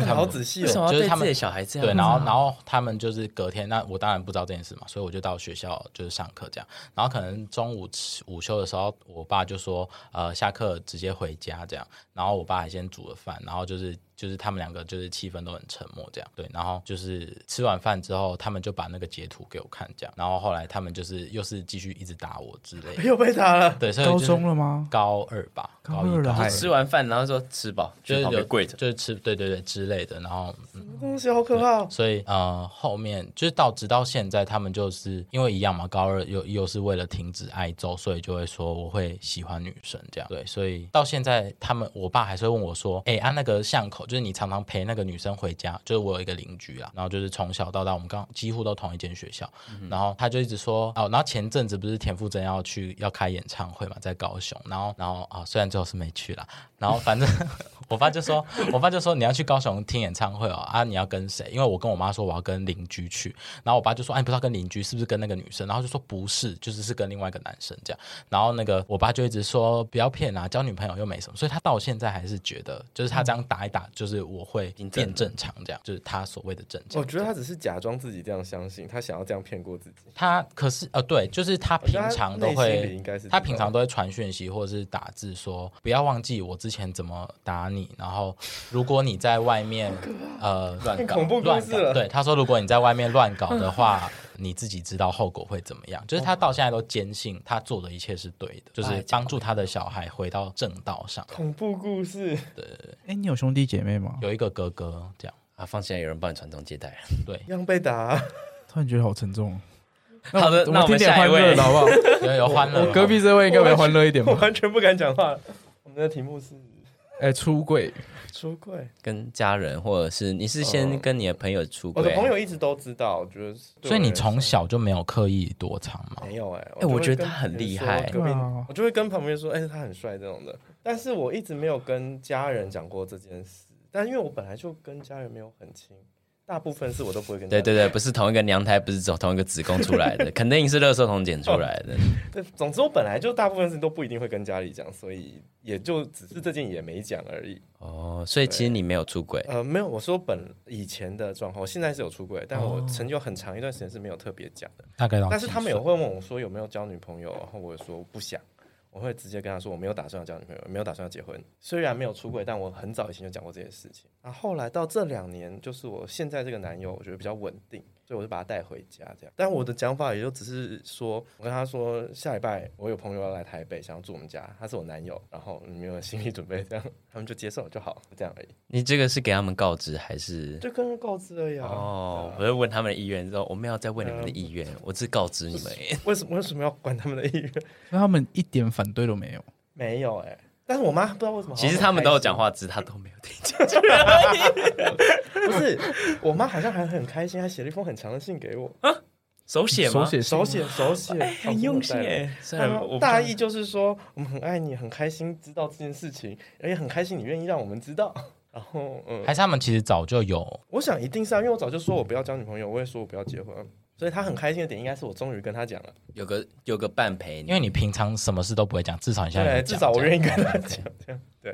S3: 嗯、好仔細喔，就是他們對自己小孩這樣子啊？對，然後然後他們就是隔天，那我當然不知道這件事嘛，所以我就到學校就是上課這樣，然後可能中午午休的時候，我爸就說呃下課直接回家這樣，然後我爸還先煮了飯，然後就是。就是他們兩個就是氣氛都很沉默這樣，對，然後就是吃完飯之後，他們就把那個截圖給我看，這樣，然後後來他們就是又是繼續一直打我之類的，又被打了，對，所以高，高中了嗎？高二吧，高二然後、啊、吃完飯然後說吃飽，就是有跪着，就是吃，對對對之類的，然後什、嗯、
S2: 東西好可怕、哦？
S3: 所以呃，後面就是到直到現在，他們就是因為一樣嘛，高二又又是為了停止挨揍，所以就會說我會喜歡女生這樣，對，所以到現在他們我爸還是會問我說，哎，按、啊、那個巷口。就是你常常陪那個女生回家，就是我有一個鄰居啦，然後就是從小到大我們剛幾乎都同一間學校，嗯、然後他就一直說哦，然後前陣子不是田馥甄要去要開演唱會嘛，在高雄，然後然後啊、哦，雖然最後是沒去了。 [laughs] 然後反正我爸就說，我爸就說，你要去高雄聽演唱會哦啊，你要跟誰？因為我跟我媽說我要跟鄰居去，然後我爸就說，哎，不知道跟鄰居是不是跟那個女生？然後就說不是，就是是跟另外一個男生這樣。然後那個我爸就一直說不要騙啊，交女朋友又沒什麼，所以他到現在還是覺得，就是他這樣打一打，就是我會變正常這樣，就是他所謂的正常。我覺得他只是
S2: 假裝自己這樣相信，他想要這樣騙過自己。
S3: 他可是呃對，就是他平常都會，他平常都會傳訊息或者是打字說不要忘記我自己。以前怎麼打你？然後，如果你在外面 [laughs] 呃亂搞，亂搞，恐怖亂搞對他說，如果你在外面亂搞的話， [laughs] 你自己知道後果會怎麼樣？就是他到現在都堅信他做的一切是對的，哦、就是幫助他的小孩回到正道上。恐怖故事，對對，哎，你有兄弟姐妹嗎？有一個哥哥，這樣啊，放心，有人幫你傳宗接代。 [laughs] 對，一
S2: 樣被打， [laughs] 突然
S3: 覺得好沉重、啊那。
S2: 好的，那我們了 [laughs]
S3: 下一位，好不好？有有
S2: 歡樂。隔壁這位應該比較歡樂一點吧？我完全，我完全不敢講話。那題目是、
S4: 欸，哎，出櫃，
S2: [laughs] 出櫃，
S4: 跟家人或者是你是先跟你的朋友出
S2: 櫃、哦、我的朋友一直都知道，啊、我覺得我，所以你
S3: 從小就沒有刻意躲藏嗎，嗎？沒有哎、欸，哎、欸，我覺得他很厲害、嗯
S2: 我，我就會跟旁邊說，哎、欸，他很帥這種的，但是我一直沒有跟家人講過這件事，但因為我本來就跟家人沒有很親。大部分是我都不會跟家裡，對對對，不
S4: 是同一個娘胎，不是走同一個子宮出來的， [laughs] 肯定也是垃圾桶撿出來的。Oh, [laughs]
S2: 對，總之我本來就大部分事都不一定會跟家裡講，所以也就只是這件也沒講而已。
S4: 哦、oh，所以其實你沒有出軌？
S2: 呃，沒有，我說本以前的狀況，我現在是有出軌，oh。但我曾經很長一段時間是沒有特別講的。大概，但是他們也會問我說有沒有交女朋友，然後我說我不想。我會直接跟他說，我沒有打算要交女朋友，沒有打算要結婚。雖然沒有出櫃，但我很早以前就講過這件事情。那、嗯、後來到這兩年，就是我現在這個男友，我覺得比較穩定。所以我就把他帶回家，這樣。但我的講法也就只是說，我跟他說，下禮拜我有朋友要來台北，想要住我們家，他是我男友，然後你們有心理準備，這樣他們就接受就好，就這樣而已。
S4: 你這個是給他們告知還是？就
S2: 跟人告知了呀、啊。
S4: 哦，我、嗯、就問他們的意願之後，我沒有再問你們的意願、呃，我只告知你們。
S2: 為什麼為什麼要管他們的意願？那他們一點反對都沒有？沒有哎、欸。但是我媽不知道為什麼，其實他們都
S4: 有講話，只他
S2: 都沒有聽進去。 [laughs] 不是， [laughs] 我媽好像還很開心，還寫了一封很長的信給我，手寫嗎？手寫手寫、 [laughs] 欸，很用心哎、欸。大意就是說，我們很愛你，很開心知道這件事情，也很開心你願意讓我們知道。然後，嗯，還是他
S3: 們其實早就有，
S2: 我想一定是，啊，因為我早就說我不要交女朋友，我也說我不要結婚。所以他很開心的點應該是我終於跟他講了，有個有個伴陪你，因為
S3: 你平常什麼事都不會講，至少你現在你，至少我願意跟他講，
S2: 這樣對，對。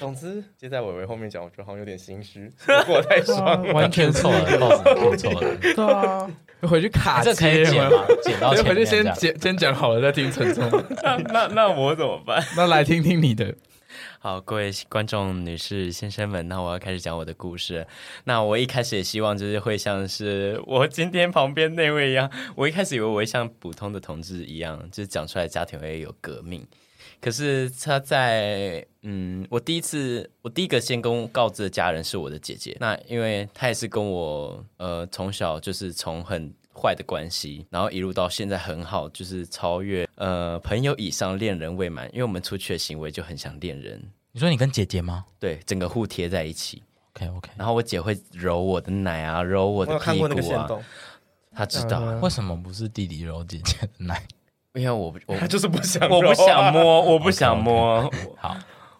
S2: 總之接在偉偉後面講，我覺得好像有點心虛，我，我太喜歡了、 [laughs] 啊，完全錯了，完全錯了，
S1: 對啊，回去卡這可以剪嗎？剪到前面講，我就先
S2: 先講好了，再聽陳松。那那那我怎麼辦？ [laughs] 那來聽聽你的。好，各位觀眾
S4: 女士、先生們，那我要開始講我的故事。那我一開始也希望就是會像是我今天旁邊那位一樣，我一開始以為我會像普通的同志一樣，就是講出來家庭會有革命。可是他在嗯，我第一次，我第一個先跟告知的家人是我的姐姐，那因為她也是跟我呃從小就是從很。壞的關係，然後一路到現在很好，就是超越呃朋友以上戀人未滿，因為我們出去的行為就很像戀人。
S3: 你說你跟姐姐嗎？
S4: 對，整個互貼在一起。OK OK，然後我姐會揉我的奶啊，揉我的屁股啊。她知道、嗯、為什
S3: 麼不是弟弟揉姐姐的奶？因為我不，
S4: 他就是不想揉、啊，我不想摸，我不想摸。Okay, okay. [laughs] 好。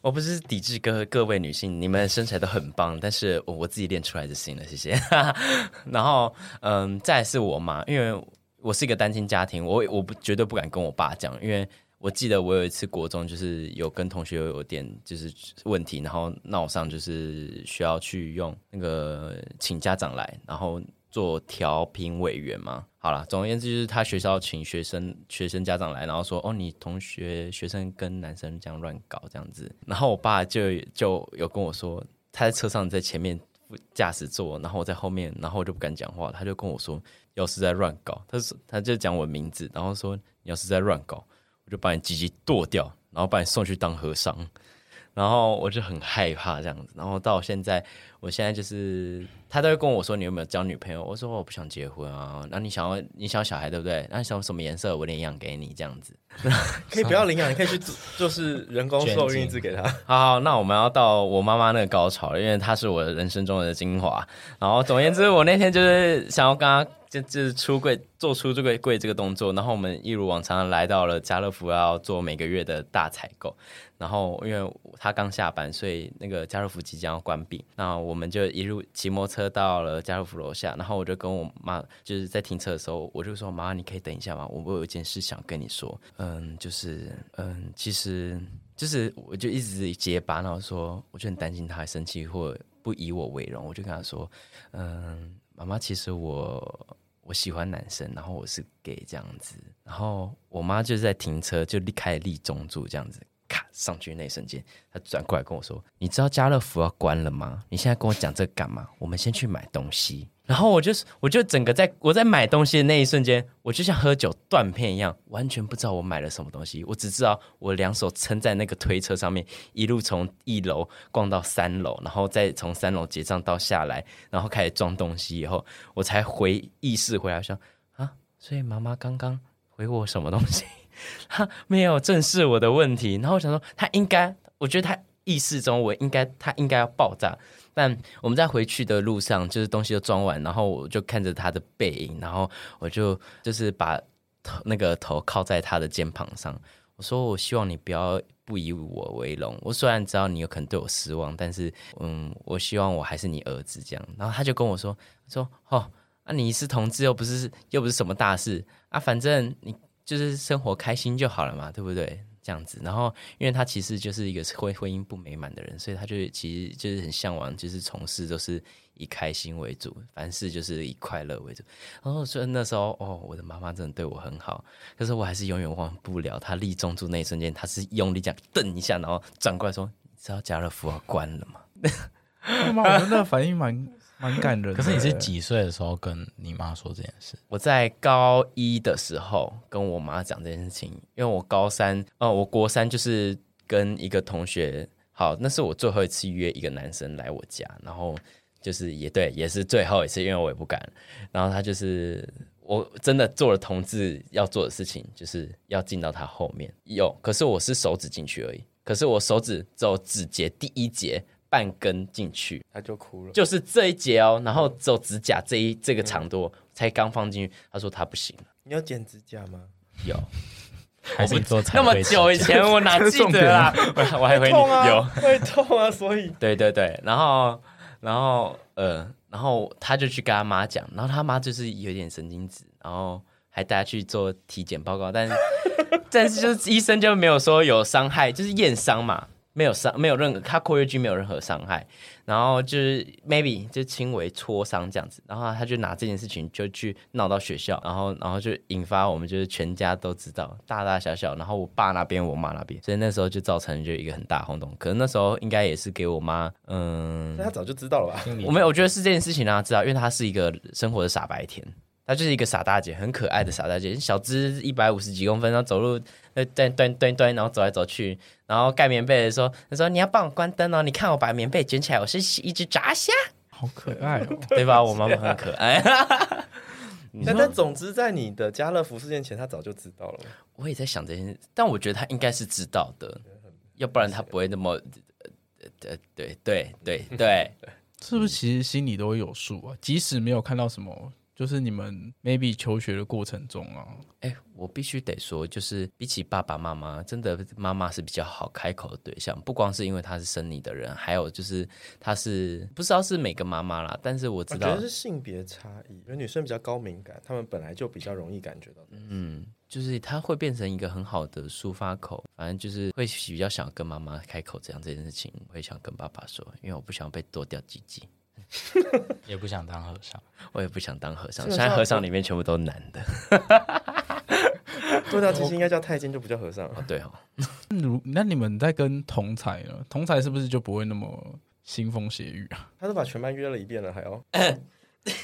S4: 我不是抵制各各位女性，你們身材都很棒，但是我自己練出來就行了，謝謝。 [laughs] 然後，嗯，再是我媽，因為我是一個單親家庭，我我不絕對不敢跟我爸講，因為我記得我有一次國中就是有跟同學有有點就是問題，然後鬧上就是需要去用那個請家長來，然後。做調評委員嘛，好啦，總而言之就是他學校請學生、學生家長來，然後說哦，你同學、學生跟男生這樣亂搞這樣子，然後我爸就就有跟我說，他在車上在前面駕駛座，然後我在後面，然後我就不敢講話，他就跟我說，要是再亂搞，他說他就講我名字，然後說你要是再亂搞，我就把你雞雞剁掉，然後把你送去當和尚，然後我就很害怕這樣子，然後到現在。我現在就是，他都會跟我說，你有沒有交女朋友？我說我不想結婚啊，那你想要你想要小孩對不對？那你想要什麼顏色？我領養給你這樣子，
S2: [laughs] 可以不要領養， [laughs] 你可以去做就是人工受孕子給他。
S4: 好，好，那我們要到我媽媽那個高潮了，因為她是我的人生中的精華。然後，總而言之，我那天就是想要剛剛就就是出櫃做出這個櫃這個動作。然後我們一如往常來到了家樂福要做每個月的大採購。然後，因為他剛下班，所以那個家樂福即將要關閉。那我們就一路騎摩托車到了家樂福樓下，然後我就跟我媽就是在停車的時候，我就說：“媽媽，你可以等一下嗎？我我有一件事想跟你說，嗯，就是嗯，其實就是我就一直結巴，然後說，我就很擔心她生氣或不以我為榮，我就跟她說，嗯，媽媽，其實我我喜歡男生，然後我是 gay 這樣子，然後我媽就在停車就離開立中柱這樣子。”卡上去那一瞬間，他轉過來跟我說：“你知道家樂福要關了嗎？你現在跟我講這幹嘛？我們先去買東西。”然後我就是我就整個在我在買東西的那一瞬間，我就像喝酒斷片一樣，完全不知道我買了什麼東西。我只知道我兩手撐在那個推車上面，一路從一樓逛到三樓，然後再從三樓結賬到下來，然後開始裝東西以後，我才回意識回來想啊，所以媽媽剛剛回我什麼東西？他沒有正視我的問題，然後我想說，他應該，我覺得他意識中我應該，他應該要爆炸。但我們在回去的路上，就是東西都裝完，然後我就看着他的背影，然後我就就是把頭那個頭靠在他的肩膀上。我說：“我希望你不要不以我為榮。我雖然知道你有可能對我失望，但是嗯，我希望我還是你兒子這樣。”然後他就跟我說：“說哦，啊，你是同志，又不是又不是什麼大事啊，反正你。”就是生活開心就好了嘛，對不對？這樣子，然後因為他其實就是一個婚婚姻不美滿的人，所以他就其實就是很向往，就是從事都是以開心為主，凡事就是以快樂為主。然後所以那時候，哦，我的媽媽真的對我很好，可是我還是永遠忘不了她立中柱那一瞬間，她是用力這樣蹬一下，然後轉過來說：“你知道家樂福要關
S3: 了嗎？” [laughs] 哦、我真的反應蠻 [laughs] 蠻感人的。可是你是幾歲的時候跟你媽說這件事？
S4: 我在高一的時候跟我媽講這件事情，因為我高三，呃，我國三就是跟一個同學，好，那是我最後一次約一個男生來我家，然後就是也對，也是最後一次，因為我也不敢。然後他就是我真的做了同志要做的事情，就是要進到他後面有、哦，可是我是手指進去而已，可是我手指只有指節第一節。半根進去，他就哭了，就是這一節哦。然後只有指甲這一這個長度、嗯、才剛放進去，他說他不行了，
S2: 你要剪指甲嗎？
S4: 有， [laughs] 還是做那麼久以前我哪記得啦？啊、我，我還你會、啊、有
S2: 會痛啊，所以 [laughs]
S4: 對對對，然後然後呃，然後他就去跟他媽講，然後他媽就是有點神經質，然後還帶他去做體檢報告，但是 [laughs] 但是就是醫生就沒有說有傷害，就是驗傷嘛。沒有傷，沒有任何，他括約肌沒有任何傷害，然後就是 maybe 就輕微挫傷這樣子，然後他就拿這件事情就去鬧到學校，然後然後就引發我們就是全家都知道，大大小小，然後我爸那邊，我媽那邊，所以那時候就造成就一個很大轟動，可能那時候應該也是給我媽，嗯，那她
S2: 早就知道了吧？我沒有，我覺
S4: 得是這件事情啊，知道，因為她是一個生活的傻白甜。她就是一個傻大姐，很可愛的傻大姐，嗯、小隻一百五十幾公分，然後走路，呃，蹲蹲蹲蹲，然後走來走去，然後蓋棉被的時候，她說：“說你要幫我關燈哦，你看我把棉被捲起來，我是一隻炸蝦，好可愛、
S2: 哦，對吧？”我媽媽很可愛。那那、啊， [laughs] 但但總之在你的家樂福事件前，她早就知道了。我也在想這件事，
S4: 但我覺得她應該是知道的，啊、要不然她不會那麼，的呃，對對對對對、
S1: 嗯，是不是其實心裡都有數啊？即使沒有看到什麼。就是你們 maybe 求學的過程中啊，誒、欸，
S4: 我必須得說，就是比起爸爸媽媽，真的媽媽是比較好開口的對象。不光是因為她是生你的人，還有就是她是不知道是每個媽媽啦，但是我知道，我、啊、覺得是
S2: 性別差異，因為女生比較高敏感，她們本來就比較容易感覺到。嗯，
S4: 就是她會變成一個很好的抒發口，反正就是會比較想跟媽媽開口，這樣。這件事情我會想跟爸爸說，因為我不想被剁掉雞雞。 [laughs] 也
S2: 不想當和尚，
S4: [laughs] 我也不想當和尚。雖然和尚裡面全部都男的，
S2: 做到其實應該叫太監，就不叫和尚啊。哦哦對哦，
S1: [laughs] 那你們在跟同才呢？同才是不是就不會那麼
S3: 腥風血雨啊？
S2: 他都把全班約了一遍了，還要
S3: [coughs]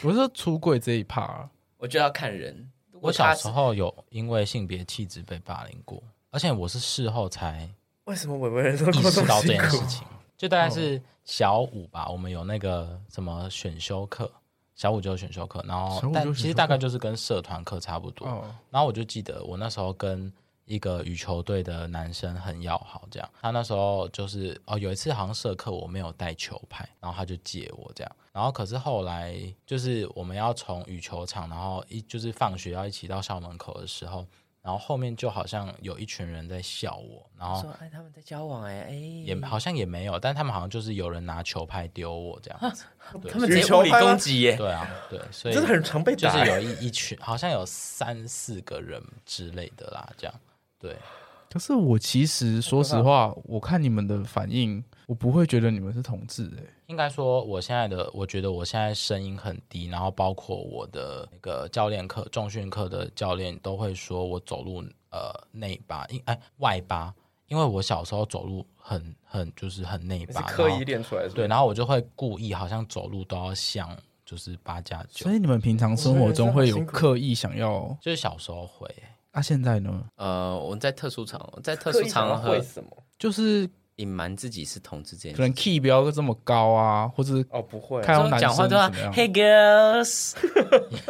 S3: 不是出櫃這一趴啊， [laughs] 我就要看人。我小時候有因為性別氣質被霸凌過，而且我是事後才
S2: 為什麼偉偉都意識到這件事情。就大概是
S3: 小五吧，oh. 我們有那個什麼選修課，小五就是選修課，然後但其實大概就是跟社團課差不多。Oh. 然後我就記得我那時候跟一個羽球隊的男生很要好，這樣。他那時候就是哦，有一次好像社課我沒有帶球拍，然後他就借我這樣。然後可是後來就是我們要從羽球場，然後一就是放學要一起到校門口的時候。然後後面就好像有一群人在笑我，然後說他們在交往，哎哎，也好像也沒有，但他們好像就是有人拿球拍丟我這樣
S4: 子，用球拍攻
S3: 擊耶，對啊，對，所以就是有一一群，好像有三四個人之類的啦，這樣，對。
S1: 可是我其實說實話，我看你們的反應，我不會覺得你們是同志，哎。
S3: 應該說，我現在的我覺得我現在聲音很低，然後包括我的那個教練課、重訓課的教練都會說我走路呃內八，因哎、欸、外八，因為我小時候走路很很就是很內八，是刻意練出來是,是對，然後我就會故意好像走路都要像就是八加九，所以
S1: 你們平常生活中會有
S3: 刻意想要，嗯嗯嗯、就是小時候會、欸，那、
S1: 啊、現在呢？
S3: 呃，我在特
S4: 殊場，在特殊場合，會什麼？就是。隱瞞自己是同志這件事可能
S1: key 不要這麼高啊，或者哦不會，高中講話都啊
S2: ，Hey girls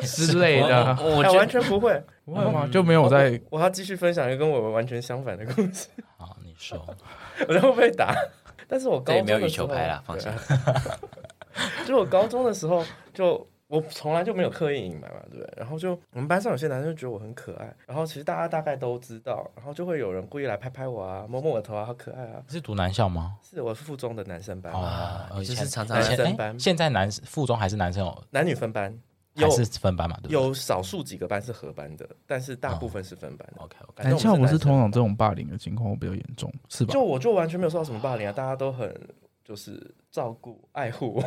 S2: 之類的、哦我哎，我完全不會，不會嗎？就沒有在，我，我要繼續分享一個跟我完全相反的故事。好、哦，你說，我都會被打，但是我高中對沒有羽球拍啦，放心。 [laughs] 就我高中的時候就。我從來就沒有刻意隱瞞嘛，對不對？然後就我們班上有些男生就覺得我很可愛，然後其實大家大概都知道，然後就會有人故意來拍拍我啊，摸摸我頭啊，好可愛啊！你是讀男校嗎？是，我是附中的男生班、班、哦、啊，以前常
S3: 常、就是、男生班。欸、現在男附中還是男生哦？
S2: 男女分班，有還是分班嘛？對有少數幾個班是合班的，但是大部分是分班、哦、O、okay, K、okay,
S3: 男、
S1: 男校不是通常這種霸凌的情況比較嚴重，是吧？就
S2: 我就完全沒有受到什麼霸凌啊，大家都很就是照顧愛護我。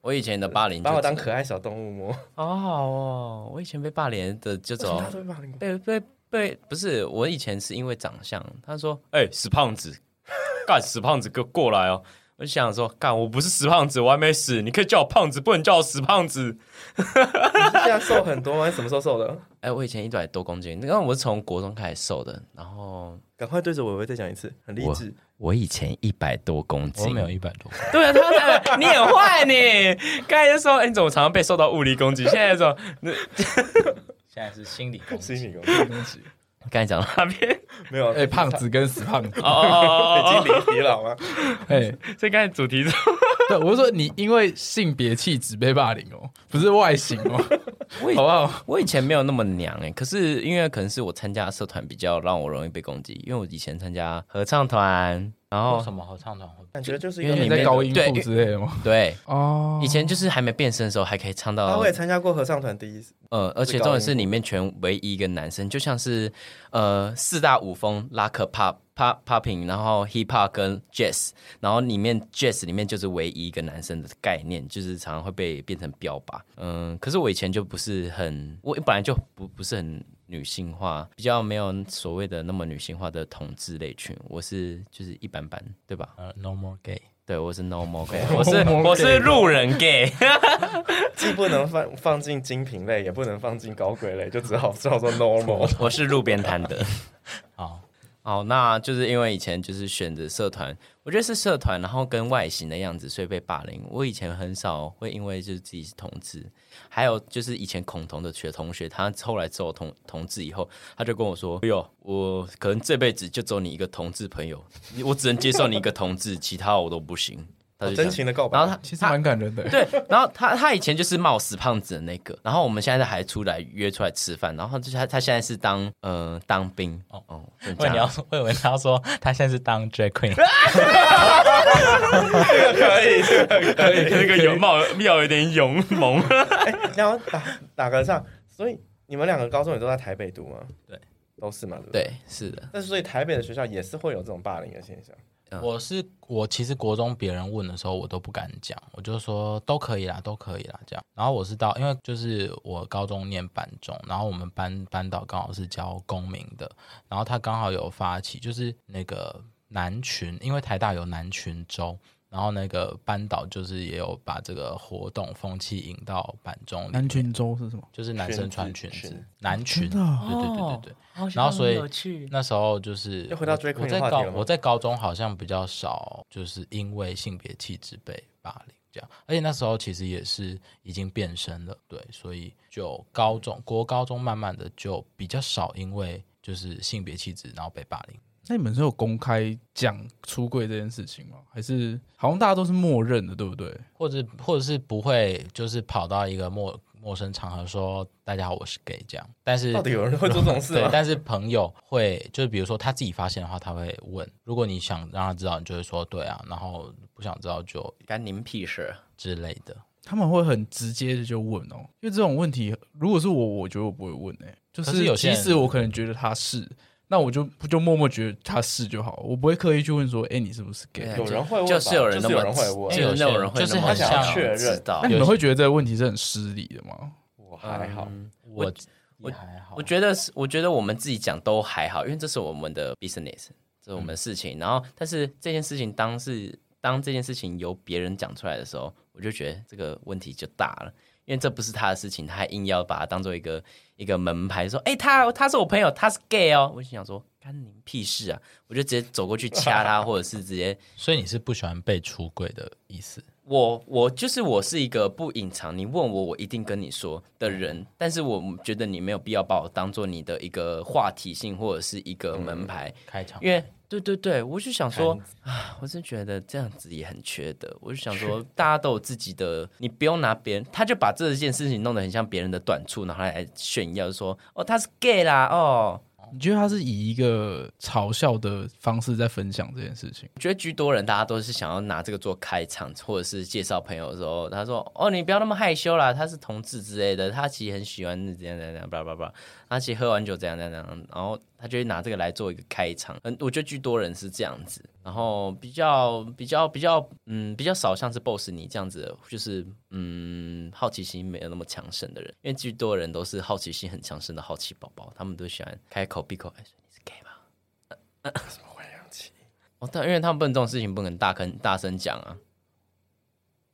S2: 我以前的霸凌就，把我當可愛小動物摸，好好
S4: 哦。我以前被霸凌的就走，麼被被被不是，我以前是因為長相，他說，哎、欸，死胖子， [laughs] 幹死胖子，給我過來哦。我就想說，幹我不是死胖子，我還沒死，你可以叫我胖子，不能叫我死胖子。 [laughs] 你現在瘦很多嗎？你什麼時候瘦的？哎、 [laughs] 欸，我以前一百多公斤，那個、我是從國中開始瘦的，然後。
S2: 趕快對着我，我會再講一次，
S4: 很勵志我。我以前一百多公斤，我沒有一百
S2: 多公斤。對啊，他你很壞、欸，你剛才說你怎麼常常被受到物理攻擊，現在說那 [laughs] 現在是
S3: 心理攻擊，心理攻擊。
S4: 剛才講到
S3: 哪
S2: 邊沒有、啊？哎、
S3: 欸，胖子跟死胖子，已、 [laughs] oh, oh, oh, oh. [laughs] 經離題了嗎？哎、
S4: 欸，這剛才主題是 [laughs] 對，對我是說你因為性別氣質被霸凌哦、喔，不是外形哦、喔。 [laughs] 我以前沒有那麼娘哎、欸， [laughs] 可是因為可能是我參加社團比較讓我容易被攻擊，因為我以前參加合唱團。然後、哦、什
S3: 麼合唱團？感覺就是一個，因為你的高音部
S4: 之類的。對哦，oh. 以前就是還沒變聲的時候，還可以唱到。我也
S2: 參加過合唱團第一
S4: 次。呃，而且重點是裡面全唯一一個男生，就像是呃四大舞風 Lock pop pop popping，然後 hip hop 跟 jazz，然後裡面 jazz 裡面就是唯一一個男生的概念，就是常常會被變成標靶。嗯、呃，可是我以前就不是很，我本來就不不是很。女性化比較沒有所謂的那麼女性化的同志類群，我是就是一般般，對吧？呃、uh，normal gay，對，我是 normal gay， [laughs] 我是我是路人 gay，
S2: [laughs] 既不能放放進精品類，也不能放進搞鬼類，就只好叫做 normal， [laughs] 我是路邊攤的。 [laughs] 好，
S4: 好，那就是因為以前就是選擇社團。我覺得是社團，然後跟外形的樣子，所以被霸凌。我以前很少會因為就是自己是同志，還有就是以前恐同的學同學，他後來做同同志以後，他就跟我說：“哎呦，我可能這輩子就做你一個同志朋友，我只能接受你一個同志， [laughs] 其他我都不行。”哦、真情的告
S2: 白，然後他，他其實蠻感人的。對，
S4: 然後他他以前就是罵我死胖子的那個，然後我們現在還出來約出來吃飯，然後他他現在是當呃當兵哦哦，我、嗯、你要我
S3: 以為他要說他現在是當 Drag Queen，、啊、 [laughs] [laughs] 這個可以，這
S5: 個可
S4: 以，
S3: 可以可以這個、有冒要有一點勇猛， [laughs] 欸、然後打打個上。
S2: 所以你們兩個高中也都在台北讀嗎？對，都是嘛。對，對，對，是的。那所以台北的學校也是會有這種霸凌的現象。Uh-huh. 我是
S3: 我，其實國中別人問的時候，我都不敢講，我就說都可以啦，都可以啦這樣。然後我是到，因為就是我高中念板中，然後我們班班導剛好是教公民的，然後他剛好有發起，就是那個南群，因為台大有南群週。然後那個班導就是也有把這個活動風氣引到班中。男裙週？是什麼？就是男生穿裙子，男裙。對對對對對。然後所以那時候就是回到我，我在高中好像比較少，就是因為性別氣質被霸凌這樣。而且那時候其實也是已經變聲了，對，所以就高中國高中慢慢的就比較少，因為就是性別氣質然後被霸凌。那你們是有公開講出櫃這件事情嗎？
S1: 還是好像大家都是默認
S3: 的，對不對？或者或者是不會，就是跑到一個陌陌生場合說“大家好，我是 gay” 這樣。但是到底有人會做這種事嗎？對，但是朋友會，就是比如說他自己發現的話，他會問。如果你想讓他知道，你就會說“對啊”，然後不想知道就干你們屁事之類的。
S1: 他們會很直接的就問哦，因為這種問題，如果是我，我覺得我不會問欸，就是有些事我可能覺得他是。那我就不就默默覺得他是就好，我不會刻意去問說，哎、欸，你是不是 gay？、啊就是有，就是、有人會問，就是有人那麼問，
S2: 那種人就是很想確認的。就是、們，那你們會覺
S1: 得這個問題是很失禮的嗎？我
S2: 還好，
S1: 嗯、
S4: 我我還好，我，我覺得是，我覺得我們自己講都還好，因為這是我們的 business，這是我們的事情。嗯、然後，但是這件事情當是當這件事情由別人講出來的時候，我就覺得這個問題就大了。因為這不是他的事情，他還硬要把它當做一個一個門牌，說：“誒、欸，他他是我朋友，他是 gay 哦。”我心想說：“幹你屁事啊！”我就直接走過去掐他， [laughs] 或者是直接……
S3: 所以你是不喜歡被出櫃的意思？
S4: 我我就是我是一個不隱藏，你問我我一定跟你說的人、嗯，但是我覺得你沒有必要把我當做你的一個話題性或者是一個門牌、嗯嗯嗯、開場，因為。對對對，我就想說啊，我真覺得這樣子也很缺德。我就想說，大家都有自己的，你不用拿別人，他就把這件事情弄得很像別人的短處，拿來炫耀，說
S1: 哦，他是 gay 啦，哦。你覺得他是以一個嘲笑的方式在分享這件事情？
S4: 我覺得居多人，大家都是想要拿這個做開場，或者是介紹朋友的時候，他說：“哦，你不要那麼害羞啦，他是同志之類的，他其實很喜歡這樣這樣這樣，叭叭叭，他其實喝完酒這樣這樣這樣，然後他就會拿這個來做一個開場。嗯，我覺得居多人是這樣子。”然後比較比較比較，嗯，比較少像是 boss 你這樣子，就是嗯，好奇心沒有那麼強盛的人，因為巨多的人都是好奇心很強盛的好奇寶寶，他們都喜歡開口閉口說、欸、你是 gay、啊啊、
S2: 怎麼會哦，但
S4: 因為他們不能這種事情不能大聲大聲講啊。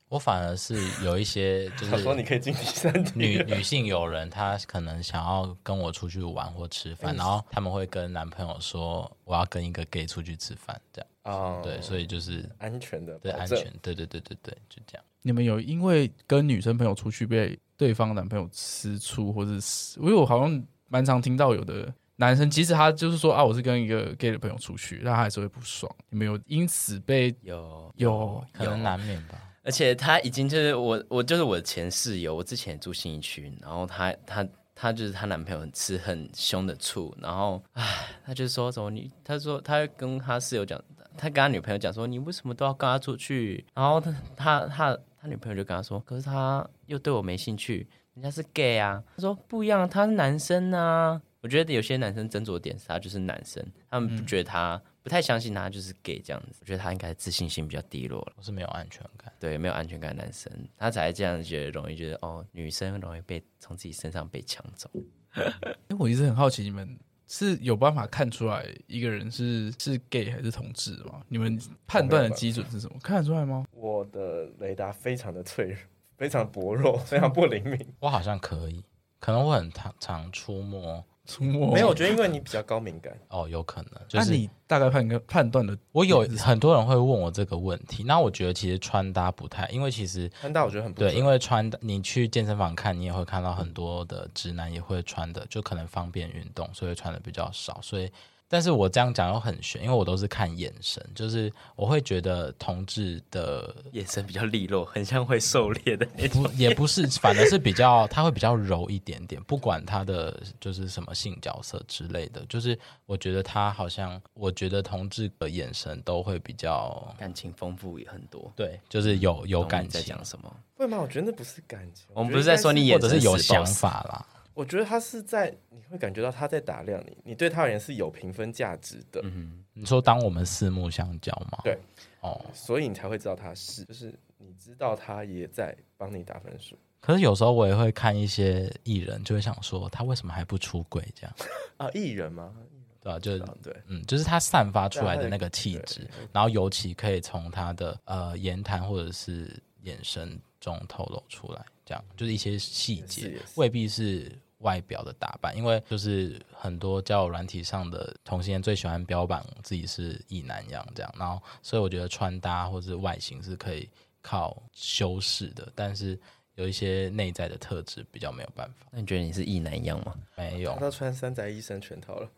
S3: 我反而是有一些，就是 [laughs] 他說你可以進去
S2: 女。女女性
S3: 友人，她可能想要跟我出去玩或吃飯，欸，然後他們會跟男朋友說：“我要跟一個 gay 出去吃飯。”這樣哦，對，所以就是安全的，對，安全，對對對對對，就這樣。
S1: 你們有因為跟女生朋友出去被對方男朋友吃醋，或者我有好像蠻常聽到有的男生，即使他就是說啊，我是跟一個 gay 的朋友出去，但他還是會不爽。你們有因此被有有，有，有可能難免吧？
S4: 而且他已經就是我，我就是我的前室友，我之前住信義區，然後他他他就是他男朋友吃很凶的醋，然後唉，他就說什麼你，他說他跟他室友講，他跟他女朋友講說你為什麼都要跟他出去？然後他他他他女朋友就跟他說，可是他又對我沒興趣，人家是 gay 啊，他說不一樣，他是男生吶。啊，我覺得有些男生斟酌點是他就是男生，他們不覺得他。嗯不太相信他就是 gay 這樣子，我覺得他應該自信心比較低落了。我是沒有安全感，對，沒有安全感的男生，他才這樣，覺得容易覺得哦，女生容易被從自己身上被搶走。
S1: 哎， [laughs] 我一直很好奇，你們是有辦法看出來一個人是是 gay 還是同志嗎？你們判斷的基準是什麼？
S2: 看得出來嗎？我的雷達非常的脆弱，非常薄弱，非常不靈
S3: 敏。我好像可以，可能我很常常出沒。哦、沒有，我覺得因
S2: 為你比較高敏感
S3: 哦，有可能。就是、啊、你大概判個判斷的，我有很多人會問我這個問題。那我覺得其實穿搭不太，因為其實穿
S2: 搭我覺得很不對，因
S3: 為穿搭你去健身房看，你也會看到很多的直男也會穿的，就可能方便運動，所以穿的比較少，所以。但是我這樣講又很玄，因為我都是看眼神，就是我會覺得同志的眼神比較利落，很像會狩獵的。不，也不是，反而是比較， [laughs] 他會比較柔一點點。不管他的就是什麼性角色之類的，就是我覺得他好像，我覺得同志的眼神都會比較感情豐富也很多。對，就是有有感情。在講什麼？
S2: 會嗎？我覺得那不是感情，
S3: 我們不是在說你，眼神是有想法啦。
S2: 我覺得他是在，你會感覺到他在打量你，你對他而言是有評分價值的。
S3: 嗯，你說當我們四目相交嗎？
S2: 對，哦，所以你才會知道他是，就是你知道他也在幫你打分數。
S3: 可是有時候我也會看一些藝人，就會想說他為什麼還不出軌這樣。啊，藝人嗎？對啊，就是對，嗯，就是他散發出來的那個氣質，然後尤其可以從他的呃言談或者是眼神中透露出來，這樣，嗯，就是一些細節，未必是。外表的打扮，因為就是很多交友軟體上的同性戀最喜歡標榜自己是異男一樣，這樣，然後所以我覺得穿搭或者是外形是可以靠修飾的，但是。有一些內在的特質比較沒有辦法。那你覺得你是異男樣嗎？沒有，那、
S2: 啊、穿三宅一生全套了。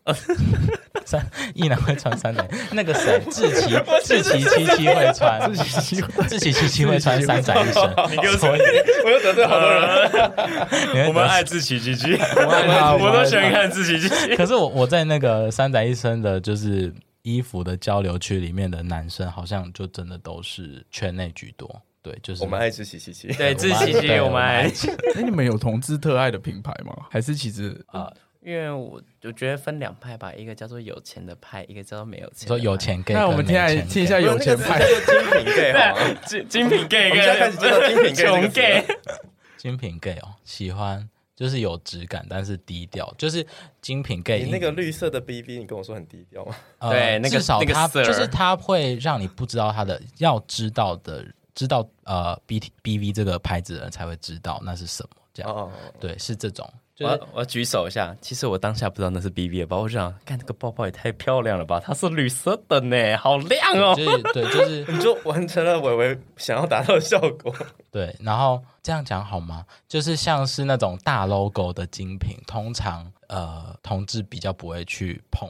S3: 三 [laughs] 異 [laughs] 男會穿
S2: 三宅， [laughs] 那個誰志祺、志 [laughs] 祺七七會穿，志祺七七、志祺七七會穿
S3: 三宅一生。 [laughs] 你我， [laughs] [laughs] 我又得罪好多人， [laughs] [laughs] [laughs] 我們愛志祺七七，
S2: [laughs] [laughs] 我都喜歡看志祺七七。可是
S3: 我我在那個三宅一生的就是衣服的交流區裡面的男生，好像就真的都是圈內居多。對，
S2: 就是我們愛自己。奇奇。對，吃奇奇，我們愛
S1: 吃。那、 [laughs] 欸、你們有同志特愛的品牌嗎？還是其實
S4: 啊、呃？因為我我覺得分兩派吧，一個叫做有錢的派，一個叫做沒
S3: 有錢。說有錢 gay，那我們聽一下，聽一下有錢派說、
S1: 那個、
S4: 精品 gay， [laughs] [laughs] 精
S1: 精品 gay，大家 [laughs] 開
S4: 始
S3: 知道精品 gay。 [laughs] 這個、 [laughs] 精品 gay 哦，喜歡就是有質感，但是低調，就是精品 gay。你、欸、那個
S2: 綠色的 BB，你跟我說很低調嗎、呃？
S3: 對，至少他、那個、就是他會讓你不知道他的， [laughs] 要知道的。知道呃 B T B V 這個牌子的人才會知道那是什麼。這樣、oh, 對是這種。就是，我要
S4: 我要舉手一下，其實我當下不知道那是 B V 包，我想看這個包包也太漂亮了吧，它是綠
S2: 色的呢，好亮哦、喔。對，就是對、就是， [laughs] 你就完成了偉偉想要達到的效果。
S3: 對，然後這樣講好嗎？就是像是那種大 logo 的精品，通常呃同志比較不會去碰。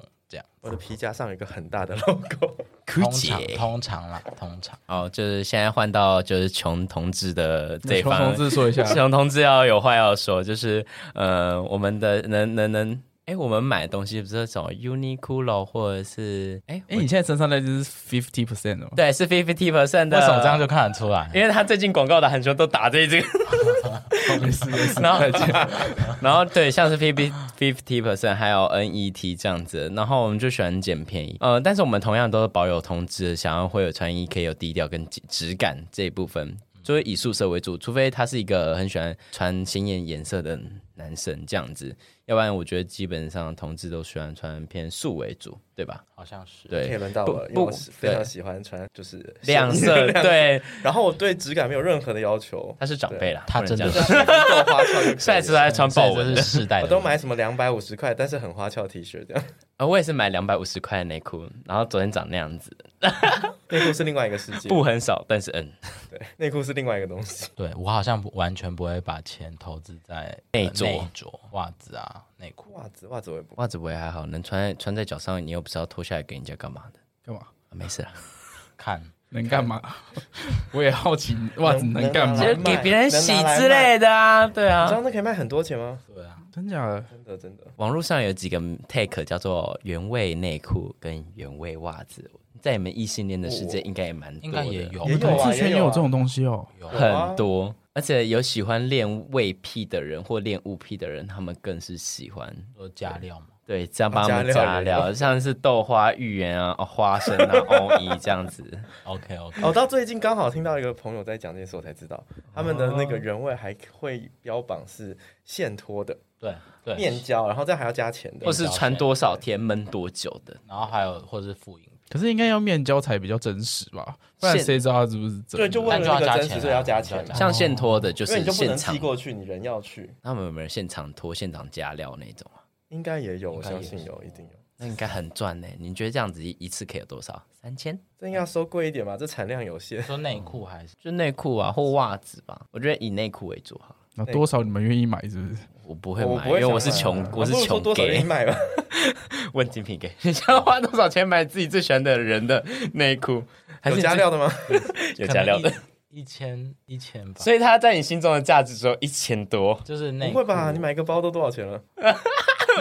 S2: 我的皮夾上有一個很
S3: 大的 logo，可通常通常啦，通常哦，就是
S4: 現在換到就是窮同志的這一方，窮同志說一下，窮同志要有話要說，就是呃，我們的能能能。能哎、欸，我們買的東西不是找 Uniqlo 或者是哎哎、欸欸，你現在身上的就是 fifty percent、哦、對，是 fifty percent。為什麼這樣就看得出來？因為他最近廣告打很凶，都打這一句。 [laughs] [laughs] 沒事沒事。然後對，像是 fifty fifty percent，還有 net 這樣子。然後我們就喜歡撿便宜。呃，但是我們同樣都是保有同志，想要會有穿衣可以有低調跟質感這一部分，就是以素色為主，除非他是一個很喜歡穿鮮豔顏色的。男生這樣子，要不然我覺得基本上同志都喜歡穿偏素為主，對吧？
S3: 好像是。
S2: 對，輪到我，因為我非常喜歡穿就是亮色。對，然後我對質感沒有任何的要求。他是長輩啦，他真的是帥 [laughs] 花俏，
S4: 帥次來穿豹紋是世代的。我、哦、都買什麼兩百五十塊，但是很花俏的 T 恤這樣。啊、哦，我也是買兩百五十塊內褲，
S3: 然後昨天長那樣子。
S2: 內 [laughs] 褲是另外一個世界，布很
S3: 少，但是嗯，對，
S2: 內褲是
S3: 另外一個東西。 [laughs] 對我好像完全不會把錢投資在內裝。衣着、襪子啊、內褲、襪子、襪子，我也不，
S4: 襪子我也還好，能穿在穿在腳上，你又不知道脫下來給人家幹嘛的？幹嘛、啊？沒事， [laughs] 看
S1: 能幹嘛？ [laughs] [laughs] 我也好奇襪子能幹嘛，就
S4: 給別人洗之類的啊，對啊。這樣
S2: 子可以賣很多錢嗎？對啊，真的假的，真的，真的。
S4: 網絡上有幾個 take 叫做原味內褲跟原味襪子，在你們異性戀的世界應該也蠻，應該也有。同志圈
S2: 也有這種東西哦，有
S3: 啊、很多。
S4: 而且有喜歡練味癖的人或練物癖的人，他們更是喜歡加料嘛？對，對加料、哦，加料，像是豆花、芋圓啊、花生啊、歐 [laughs] 一、哦、這樣子。OK OK。哦，到
S2: 最近剛好聽到一個朋友在講這件事，我才知道、哦、他們的那個原味還會標榜是現脫的，對，對，面交，然後這還要加錢的，或是穿多
S4: 少天悶多久的，然
S3: 後還有或是複
S2: 印。
S4: 可是應該要面交才比較真實吧，不然
S1: 誰知道他是不是真的？對，就為了那個真實所
S2: 以要加錢，啊嗯，加要加錢。像現脫的，就是現場，因為，你就不能寄過去，你人要去。
S4: 那有沒有現場脫、現場加料那種啊？應該也有，我相信有，一定有。那應該很賺呢？欸？你覺得這樣子一一次可以有多少？三
S2: 千？這應該要收貴一點吧？這產量有限。說內褲還是？嗯，就內
S4: 褲啊，或襪子吧。我覺得以內褲為主哈。那多
S1: 少你們願意買？是不是？我不會買，因為我是窮，我，買、啊、我是窮給。
S4: [laughs] 問精品給，你想要花多少錢買自己最喜歡的人的內褲？還是加料的嗎？ [laughs] 有加料的， [laughs] 一,一
S3: 千一千吧。所以它在你心中的價值只有一千多，就是那不會吧？你買個包都多少錢了？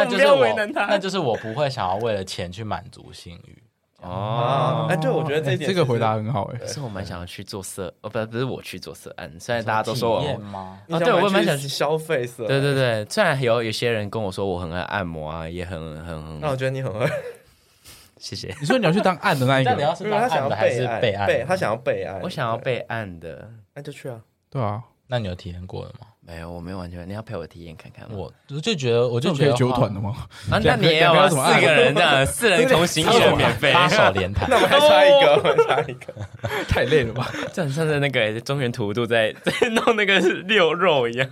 S3: 不要為難他。那就是我，那就是我不會想要為了錢去滿足性慾。哦，哎、哦欸，對我覺得這是是、欸、這個回答很好哎，所以我蠻想要去做色哦，不是不是我去
S4: 做色按，雖然大家都說我，啊、哦哦、對，我也蠻想去
S2: 消費色，對對
S4: 對，雖然有有些人跟我說我很愛按摩啊，也很很很，那我覺得你很愛，謝謝。你說你要去當按的那一個，那 [laughs] 你，你要是當按的還是被按的，他想要被按，被按，他想要被按，我想要被按的，那就去啊，對啊，那你有體驗過了嗎？沒、欸、有，我沒有完全，你要陪我體驗看看，我我就覺
S1: 得，我就
S3: 覺得九團的嗎、
S4: 啊？那你也、啊、四個人的、嗯，四人同行就免費，
S2: 少連排。 [laughs] 那我們還差一個， [laughs] 我還差一個， [laughs] 太累了吧？這很像在那個中元圖都在在弄
S4: 那個溜肉一樣。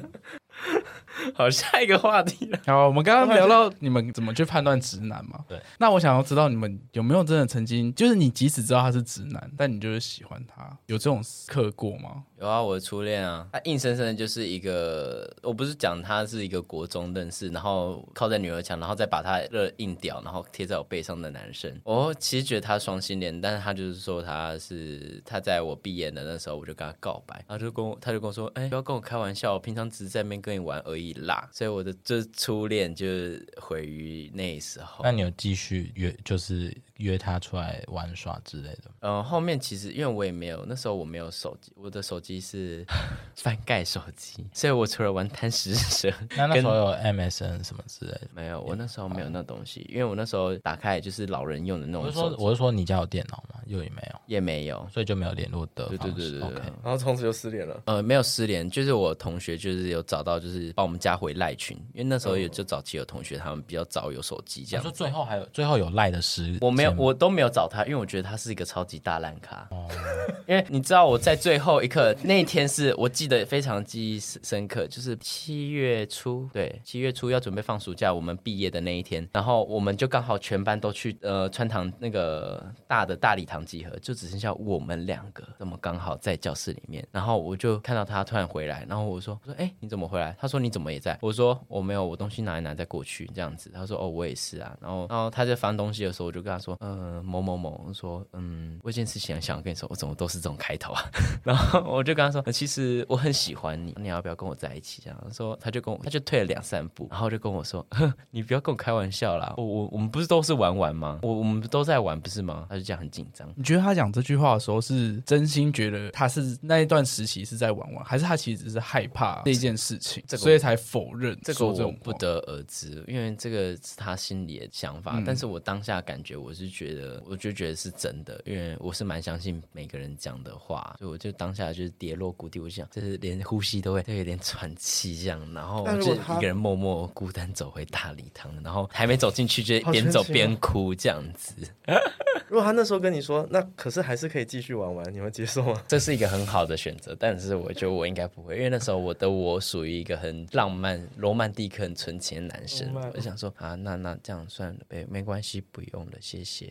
S4: 好，下一個話題
S1: 了。好，我們剛剛聊到你們怎麼去判斷直男嘛，對。那我想要知道你們有沒有真的曾經，就是你即使知道他是直男，但你就是喜歡他，有這種時刻過嗎？
S4: 有啊，我的初戀啊，他硬生生的就是一個，我不是講他是一個國中認識，然後靠在女兒牆，然後再把他熱硬屌，然後貼在我背上的男生。我其實覺得他雙性戀，但是他就是說他是他在我畢業的那時候，我就跟他告白，然後就跟我他就跟我說，哎、欸，不要跟我開玩笑，我平常只是在那邊跟你玩而已。拉，所以我的這初戀就毀於那時
S3: 候。那你有繼續約，就是約他出來玩耍之類的？
S4: 嗯，後面其實因為我也沒有，那時候我沒有手機，我的手機是 [laughs] 翻蓋手機，所以我除了玩貪食蛇， [laughs] 那那時候有 MSN 什麼之類的沒有？我那時候沒有那東西，哦、因為我那時候打開就是老人用的那種手機。我是說，你是
S3: 說你家有電腦嗎？又
S4: 也沒有，也沒有，所以就沒有聯絡的方式。對,對對對對，okay、
S3: 然後從此就失聯了。
S4: 呃、嗯，沒有失聯，就是我同學就是有找到就是報。加回 LINE 群，因為那時候也就早期有同學，他們比較早有手機，這樣、啊、你說最後還有最後有 LINE 的時，我沒有我都沒有找他，因為我覺得他是一個超級大爛咖，oh. [laughs] 因為你知道我在最後一刻那一天是我記得非常記憶深刻，就是七月初對，七月初要準備放暑假，我們畢業的那一天，然後我們就剛好全班都去呃穿堂那個大的大禮堂集合，就只剩下我們兩個，那麼剛好在教室裡面，然後我就看到他突然回來，然後我說我說哎你怎麼回來？他說你怎麼。我們也在，我說我、哦、沒有，我東西拿一拿來再過去這樣子。他說哦，我也是啊。然後，然後他在翻東西的時候，我就跟他說，嗯、呃、某某某我說，嗯，我有件事情想跟你說，我怎麼都是這種開頭啊？ [laughs] 然後我就跟他說，其實我很喜歡你，你要不要跟我在一起？這樣，說他就跟我，他就退了兩三步，然後就跟我說，哼，你不要跟我開玩笑啦。我我我們不是都是玩玩嗎？我我們都在玩，不是嗎？他就這樣很緊張。你覺得他講這句話的時候是
S1: 真心覺得他是那一段時期是在玩玩，還是他其實是害怕這件事情，這個、所以才？否認這個我
S4: 不得而知，因為這個是他心裡的想法。嗯，但是我當下感覺，我是覺得，我就覺得是真的，因為我是蠻相信每個人講的話。所以我就當下就是跌落谷底，我想，就是連呼吸都會，就有點喘氣這樣。然後我就一個人默默孤單走回大禮堂，然後還沒走進去，就邊走邊哭這樣子。
S2: 如果他那時候跟你說，那可是還是可以繼續玩玩，你會接受嗎？這是一個很好的選擇，但是
S4: 我覺得我應該不會，因為那時候我的我屬於一個很浪漫、羅曼蒂克、很純情的男生，哦、我想說、哦、啊，那那這樣算了，沒關係，不用了，謝謝。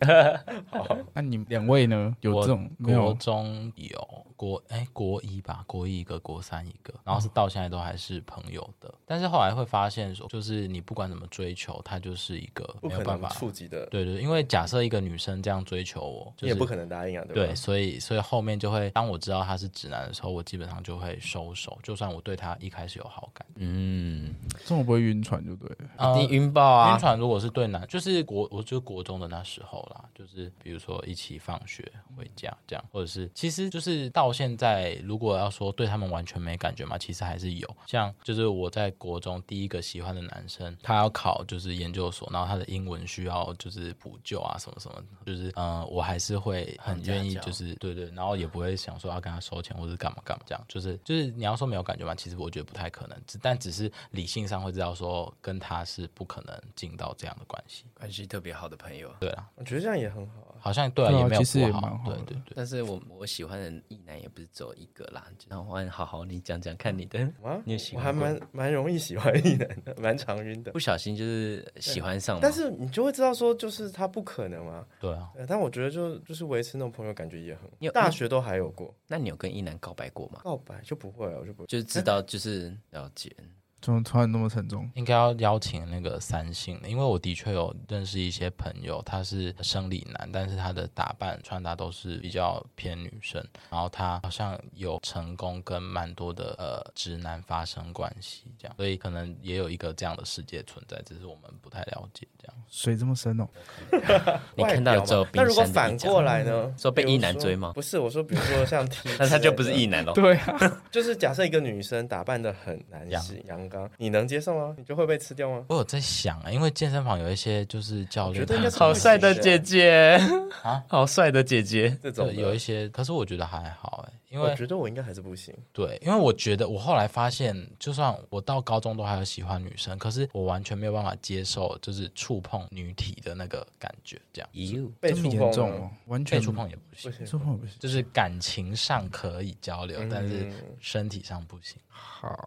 S1: [laughs] 好、啊，那你們兩位呢？ [laughs] 有這種？沒有，
S3: 中有。國哎、欸，國一吧，國一一個，國三一個，然後是到現在都還是朋友的、嗯。但是後來會發現說，就是你不管怎麼追求，他就是一個沒有辦法觸及的。對對，就是，因為假設一個女生這樣追求我，就是你也不可能答應啊，對不對，所以所以後面就會，當我知道他是直男的時候，我基本上就會收手，就算我對他一開始有好
S1: 感。嗯，這麼不會暈船就對了。你、呃、暈爆啊？暈船？
S3: 如果是對男，就是國我就是國中的那時候啦，就是比如說一起放學回家這樣，這樣，或者是其實就是到。到現在，如果要說對他們完全沒感覺嘛，其實還是有。像就是我在國中第一個喜歡的男生，他要考就是研究所，然後他的英文需要就是補救啊，什麼什麼，就是嗯、呃，我還是會很願意，就是對對，然後也不會想說要跟他收錢或者幹嘛幹嘛，這樣就是就是你要說沒有感覺嘛，其實我覺得不太可能，只但只是理性上會知道說跟他是不可能進到這樣的關係，關係特別好的朋友，對啊，
S2: 我覺得這樣也很好啊。好像對、啊嗯，也沒有不好，好，對對對。但
S3: 是我我喜歡的異男也不是只有一
S4: 個啦，然後我還好好你講講看你的你喜歡，啊，我還蠻蠻容易喜歡異男的，蠻常暈的，不小心就是喜歡上。但
S2: 是你就會知道說，就是他不可能啊。對啊、呃，但我覺得就就是維持那種朋友感覺也很，你有大
S4: 學都還有過那。那你有跟異男告白過嗎？告白就不會啊，我就不會，就是知道就是了解。欸
S3: 怎麼
S2: 突然那麼沉重？
S3: 應該要邀請那個三性，因為我的確有認識一些朋友，他是生理男，但是他的打扮穿搭都是比較偏女生，然後他好像有成功跟蠻多的呃直男發生關係，這樣，所以可能也有一個這樣的世界存在，只是我們不太了解這樣。
S1: 水這麼深哦， [laughs]
S3: 你看到這，那如果反過來呢？說被異男追嗎？不是，我說比如說像 T [laughs] 類的，但 [laughs] 他就不是異
S2: 男哦。 [laughs] 對啊， [laughs] 就是假設一個女生打扮的很男性，陽。你能接受嗎？你就會被吃掉嗎？
S3: 我有在想啊，因為健身房有一些就是教練覺得是好帥的姐姐、啊、好帥的姐姐這種有一些，可是我覺得還好哎、欸，因為我覺得我應該還是不行。對，因為我覺得我後來發現，就算我到高中都還有喜歡女生，可是我完全沒有辦法接受就是觸碰女體的那個感覺，這樣。呦這麼嚴重、哦、被觸碰。完全觸碰也不行，嗯、不行觸碰也不行，就是感情上可以交流，嗯、但是身體上不行。嗯嗯好,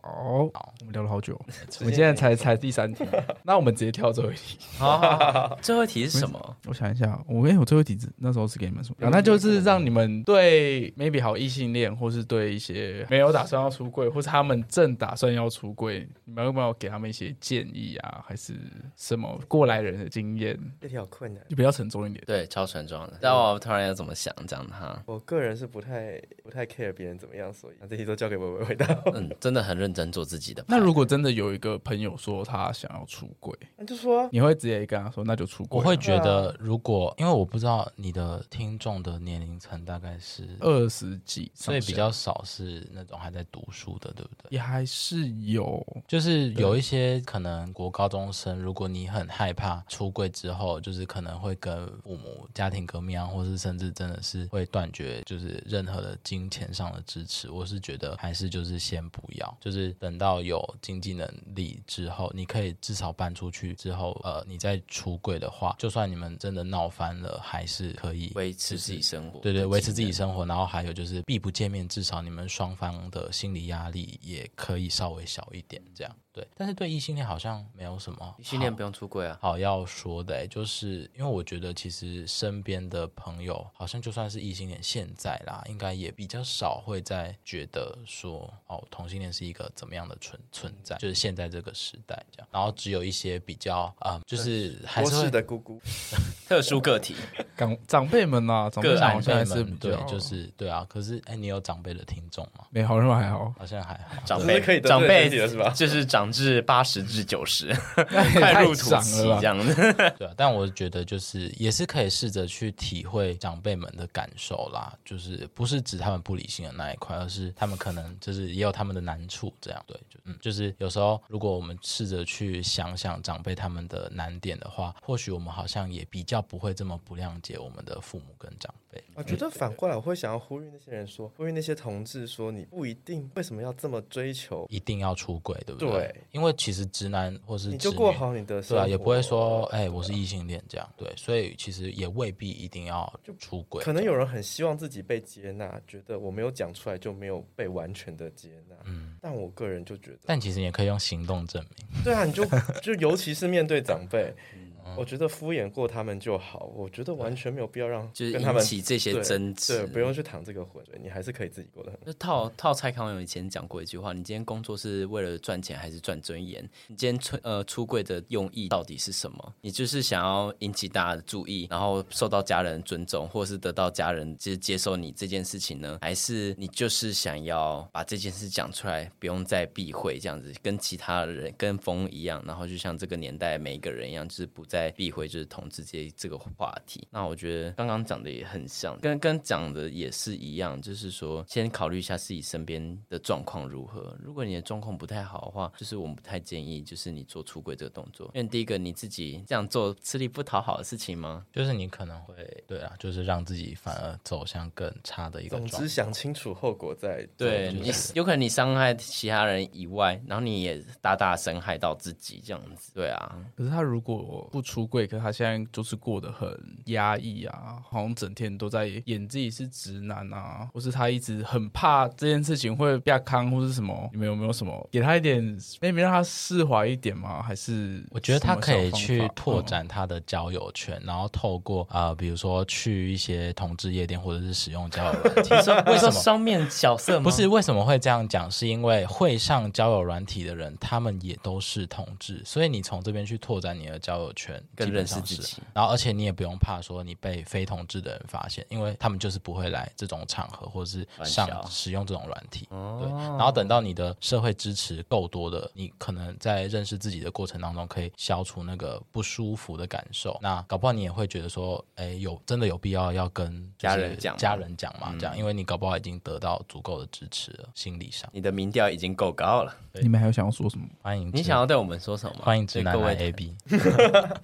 S3: 好，我們聊了好久、哦，我
S1: 們現在才才第三題、啊， [laughs] 那我們直接跳最後一題。 [laughs] 好
S4: 好好最後一題是什麼？
S1: 我想一下，我哎、欸，我最後一題是那時候是給你們說，啊、那就是讓你們對 maybe 好異性戀，或是對一些沒有打算要出櫃，或是他們正打算要出櫃，你們要不要給他們一些建議啊？還是什麼過來人的經驗？這題好困難，就比較沉重一點。一
S4: 點對，超沉重的。
S1: 那我
S4: 突然要怎麼想這樣的哈，
S2: 我個人是不太不太 care 別人怎麼樣，所以、啊、這題都交給維維回答。嗯。
S4: 真的很認真做自己的。那如果真的有一個朋友說
S1: 他
S3: 想要出櫃，你就說你會直接跟他說那就出櫃啊。我會覺得如果，因為我不知道你的聽眾的年齡層大概是二十幾，所以比較少是那種還在讀書的，對不對？也還是有，就是有一些可能國高中生，如果你很害怕出櫃之後，就是可能會跟父母家庭革命啊，或是甚至真的是會斷絕，就是任何的金錢上的支持。我是覺得還是就是先不，要就是等到有經濟能力之後，你可以至少搬出去之後，呃，你再出櫃的話，就算你們真的鬧翻了，還是可以、就是、維持自己生活。對對，維持自己生活。然後還有就是，避不見面，至少你們雙方的心理壓力也可以稍微小一點，這樣。但是對異性戀好像沒有什麼，異性戀不用出櫃啊。好要說的哎、欸，就是因為我覺得其實身邊的朋友好像就算是異性戀，現在啦，應該也比較少會再覺得說哦，同性戀是一個怎麼樣的存存在，就是現在這個時代這樣。然後只有一些比較啊、呃，就是還是的姑姑， [laughs] 特殊個體， [laughs]
S1: 長長輩們啊，長輩們對，就
S3: 是對啊。可是哎、欸，你有長輩的聽眾嗎？沒，好像還好，好、啊、像還好，長輩可以長輩一點是吧？就是長。至八十至九十、 [laughs] 嗯， [laughs] 太， [laughs] 太入土了。這樣子。 [laughs] 對啊，但我覺得就是也是可以試着去體會長輩們的感受啦，就是不是指他們不理性的那一塊，而是他們可能就是也有他們的難處。這樣對，嗯，就是有時候如果我們試着去想想長輩他們的難點的話，或許我們好像也比較不會這麼不諒解我們的父母跟長輩。我、啊、覺得反
S2: 過來，我會想要呼籲那些人說，呼籲那些同志說，
S3: 你不一定為什麼要這麼追求，一定要出軌，對不對？對，因為其實直男或是你就過好你的生活，也不會說，哎、欸，我是異性戀這樣。對，所以其實也未必一定要出軌。就可能有
S2: 人很希望自己被接納，覺得我沒有講出來就沒有被完全的接納。嗯，但我個人就覺得，
S3: 但其實也可以用行動證明。對啊，你
S2: 就就尤其是面對長輩。 [laughs] 我覺得敷衍過他們就好。我覺得完全沒有必要讓跟他們，就是引起這些爭執，對，對、嗯，不用去淌這個渾水，你還是可以自己過得很好。那套
S4: 套蔡康永以前講過一句話，你今天工作是為了賺錢，還是賺尊嚴？你今天出呃出櫃的用意到底是什麼？你就是想要引起大家的注意，然後受到家人尊重，或是得到家人接接受你這件事情呢？還是你就是想要把這件事講出來，不用再避諱這樣子，跟其他人跟風一樣，然後就像這個年代每一個人一樣，就是不再。在避諱就是同志這個話題，那我覺得剛剛講的也很像，跟跟講的也是一樣，就是說先考慮一下自己身邊的狀況如何。如果你的狀況不太好的話，就是我們不太建議就是你做出櫃這個動作，因為第一個你自己這樣做吃力不討好的事情嗎？
S3: 就是你可能會對啊，就是讓自己反而走向更差的一個。總之想清楚後果再
S2: 對，你
S4: 有可能你傷害其他人以外，然後你也大大傷害到自己這樣子。對啊，
S1: 可是他如果。不出櫃，可是他現在就是過得很壓抑啊，好像整天都在演自己是直男啊，或是他一直很怕這件事情會變康，或是什麼？你們有沒有什麼給他一點
S3: 沒沒讓他釋懷一點嗎？還是我覺得他可以去拓展他的交友圈，嗯，然後透過啊、呃，比如說去一些同志夜店，或者是使用交友軟體。 [laughs] 為什麼雙面角色？ [laughs] 不是為什麼會這樣講？是因為會上交友軟體的人，他們也都是同志，所以你從這邊去拓展你的交友圈。更認識自己，然後而且你也不用怕說你被非同志的人發現，因為他們就是不會來這種場合或者是上使用這種軟體，對。然後等到你的社會支持夠多的，你可能在認識自己的過程當中可以消除那個不舒服的感受。那搞不好你也會覺得說，哎，有真的有必要要跟家人講，家人講嘛，這樣，因為你搞不好已經得到足夠的支持了，心理上你的民調已經夠高了。
S4: 你們還有想要說什麼？
S3: 歡迎你想要對我們說什麼？歡迎直
S4: 男 A B。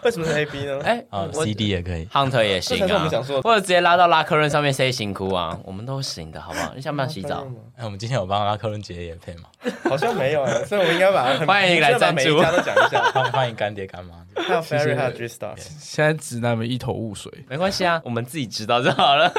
S4: 為什麼是 A B 呢？哎、欸、啊、哦，C D 也可以，Hunter 也行啊。或者直接拉到拉克人上面 say 辛苦啊， [laughs] 我們都行的，好不好？你想不想洗澡？哎、欸，我們今
S3: 天有幫拉克人姐姐也配嗎？ [laughs] 好像沒有啊，所以我們應該把他 [laughs] 歡迎來贊助。每一家都講一下。 [laughs] [laughs] 歡迎乾爹乾媽。還有 Fairy and Dream Star。
S1: [laughs] 現在直男們一頭霧水，沒關係啊，
S3: 我們自己知道就好了。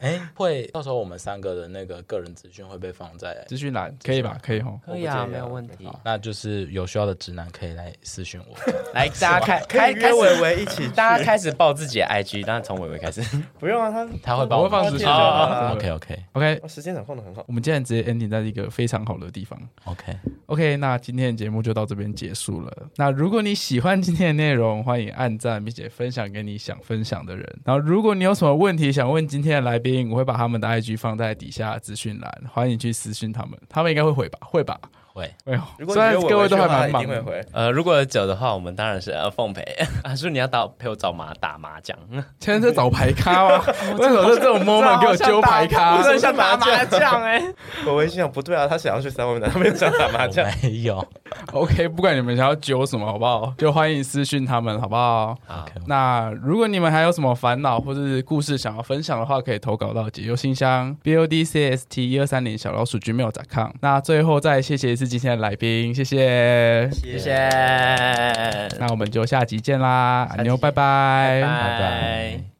S3: 哎、 [laughs] 欸，會到時候我們三個的那個個人資訊會被放在資訊欄，可以吧？可以吼，可以啊，我啊沒有問題。那就是有需要的直男可以來私訊我， [laughs] [laughs] 來，大家開開。跟偉偉一起去，大家開始報自己的 IG，當然從偉偉開始。
S2: [laughs] 不用啊，他他會報。會，我會放時間。OK OK OK，時間掌控得很好。我們
S1: 今天直接 ending 在一個非常好的地方。OK OK，那今天的節目就到這邊結束了。那如果你喜歡今天的內容，歡迎按讚並且分享給你想分享的人。然後如果你有什麼問題想問今天的來賓，我會把他們的 IG 放在底下資訊欄，歡迎你去私訊他們，他們應該會回吧，會吧。
S4: 喂會，如果各位都還蠻忙，呃，如果有酒的話，我們當然是呃奉陪啊。是 [laughs] 不是你要打陪我找麻打麻將，天
S1: 天在找牌咖嗎？ [laughs] 啊？為什麼這種 moment 給我揪牌咖，啊真的像？我在想打麻將
S2: 哎、欸。我微信上不對啊，他想要去三五男那邊找打麻將。哎呦 [laughs] ，OK，不管你們想要揪什麼，好
S1: 不好？就歡迎私訊他們，好不好？啊、 [laughs] okay.，那如果你們還有什麼煩惱或者是故事想要分享的話，可以投稿到解憂信箱 bodcst 一二三零小老鼠 gmail.com。 [laughs] 那最後再謝謝。是今天的來賓，謝謝，謝謝，yeah. 那我們就下集見啦，阿牛，拜拜，拜拜。拜拜拜拜。